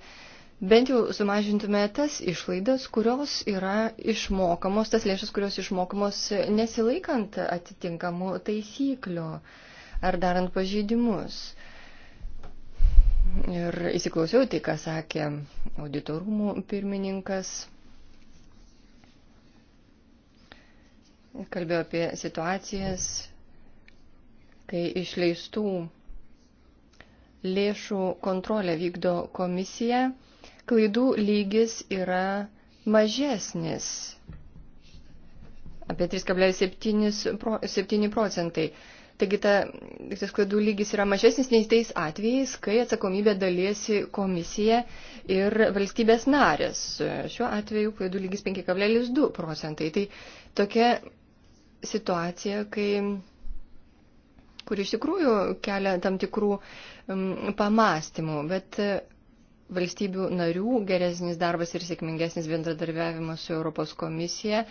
bent jau sumažintume tas išlaidas, kurios yra išmokamos, tas lėšas, kurios išmokamos nesilaikant atitinkamų taisyklių ar darant pažeidimus. Ir įsiklausiau tai, ką sakė auditorumų pirmininkas. Kalbėjau apie situacijas, kai išleistų lėšų kontrolę vykdo komisija klaidų lygis yra mažesnis apie 3,7 procentai. Taigi ta, tas klaidų lygis yra mažesnis nei tais atvejais, kai atsakomybė dalysi komisija ir valstybės narės. Šiuo atveju klaidų lygis 5,2 procentai. Tai tokia situacija, kai, kur iš tikrųjų kelia tam tikrų um, mm, pamastymų, bet uh, valstybių narių geresnis darbas ir sėkmingesnis bendradarbiavimas su Europos komisija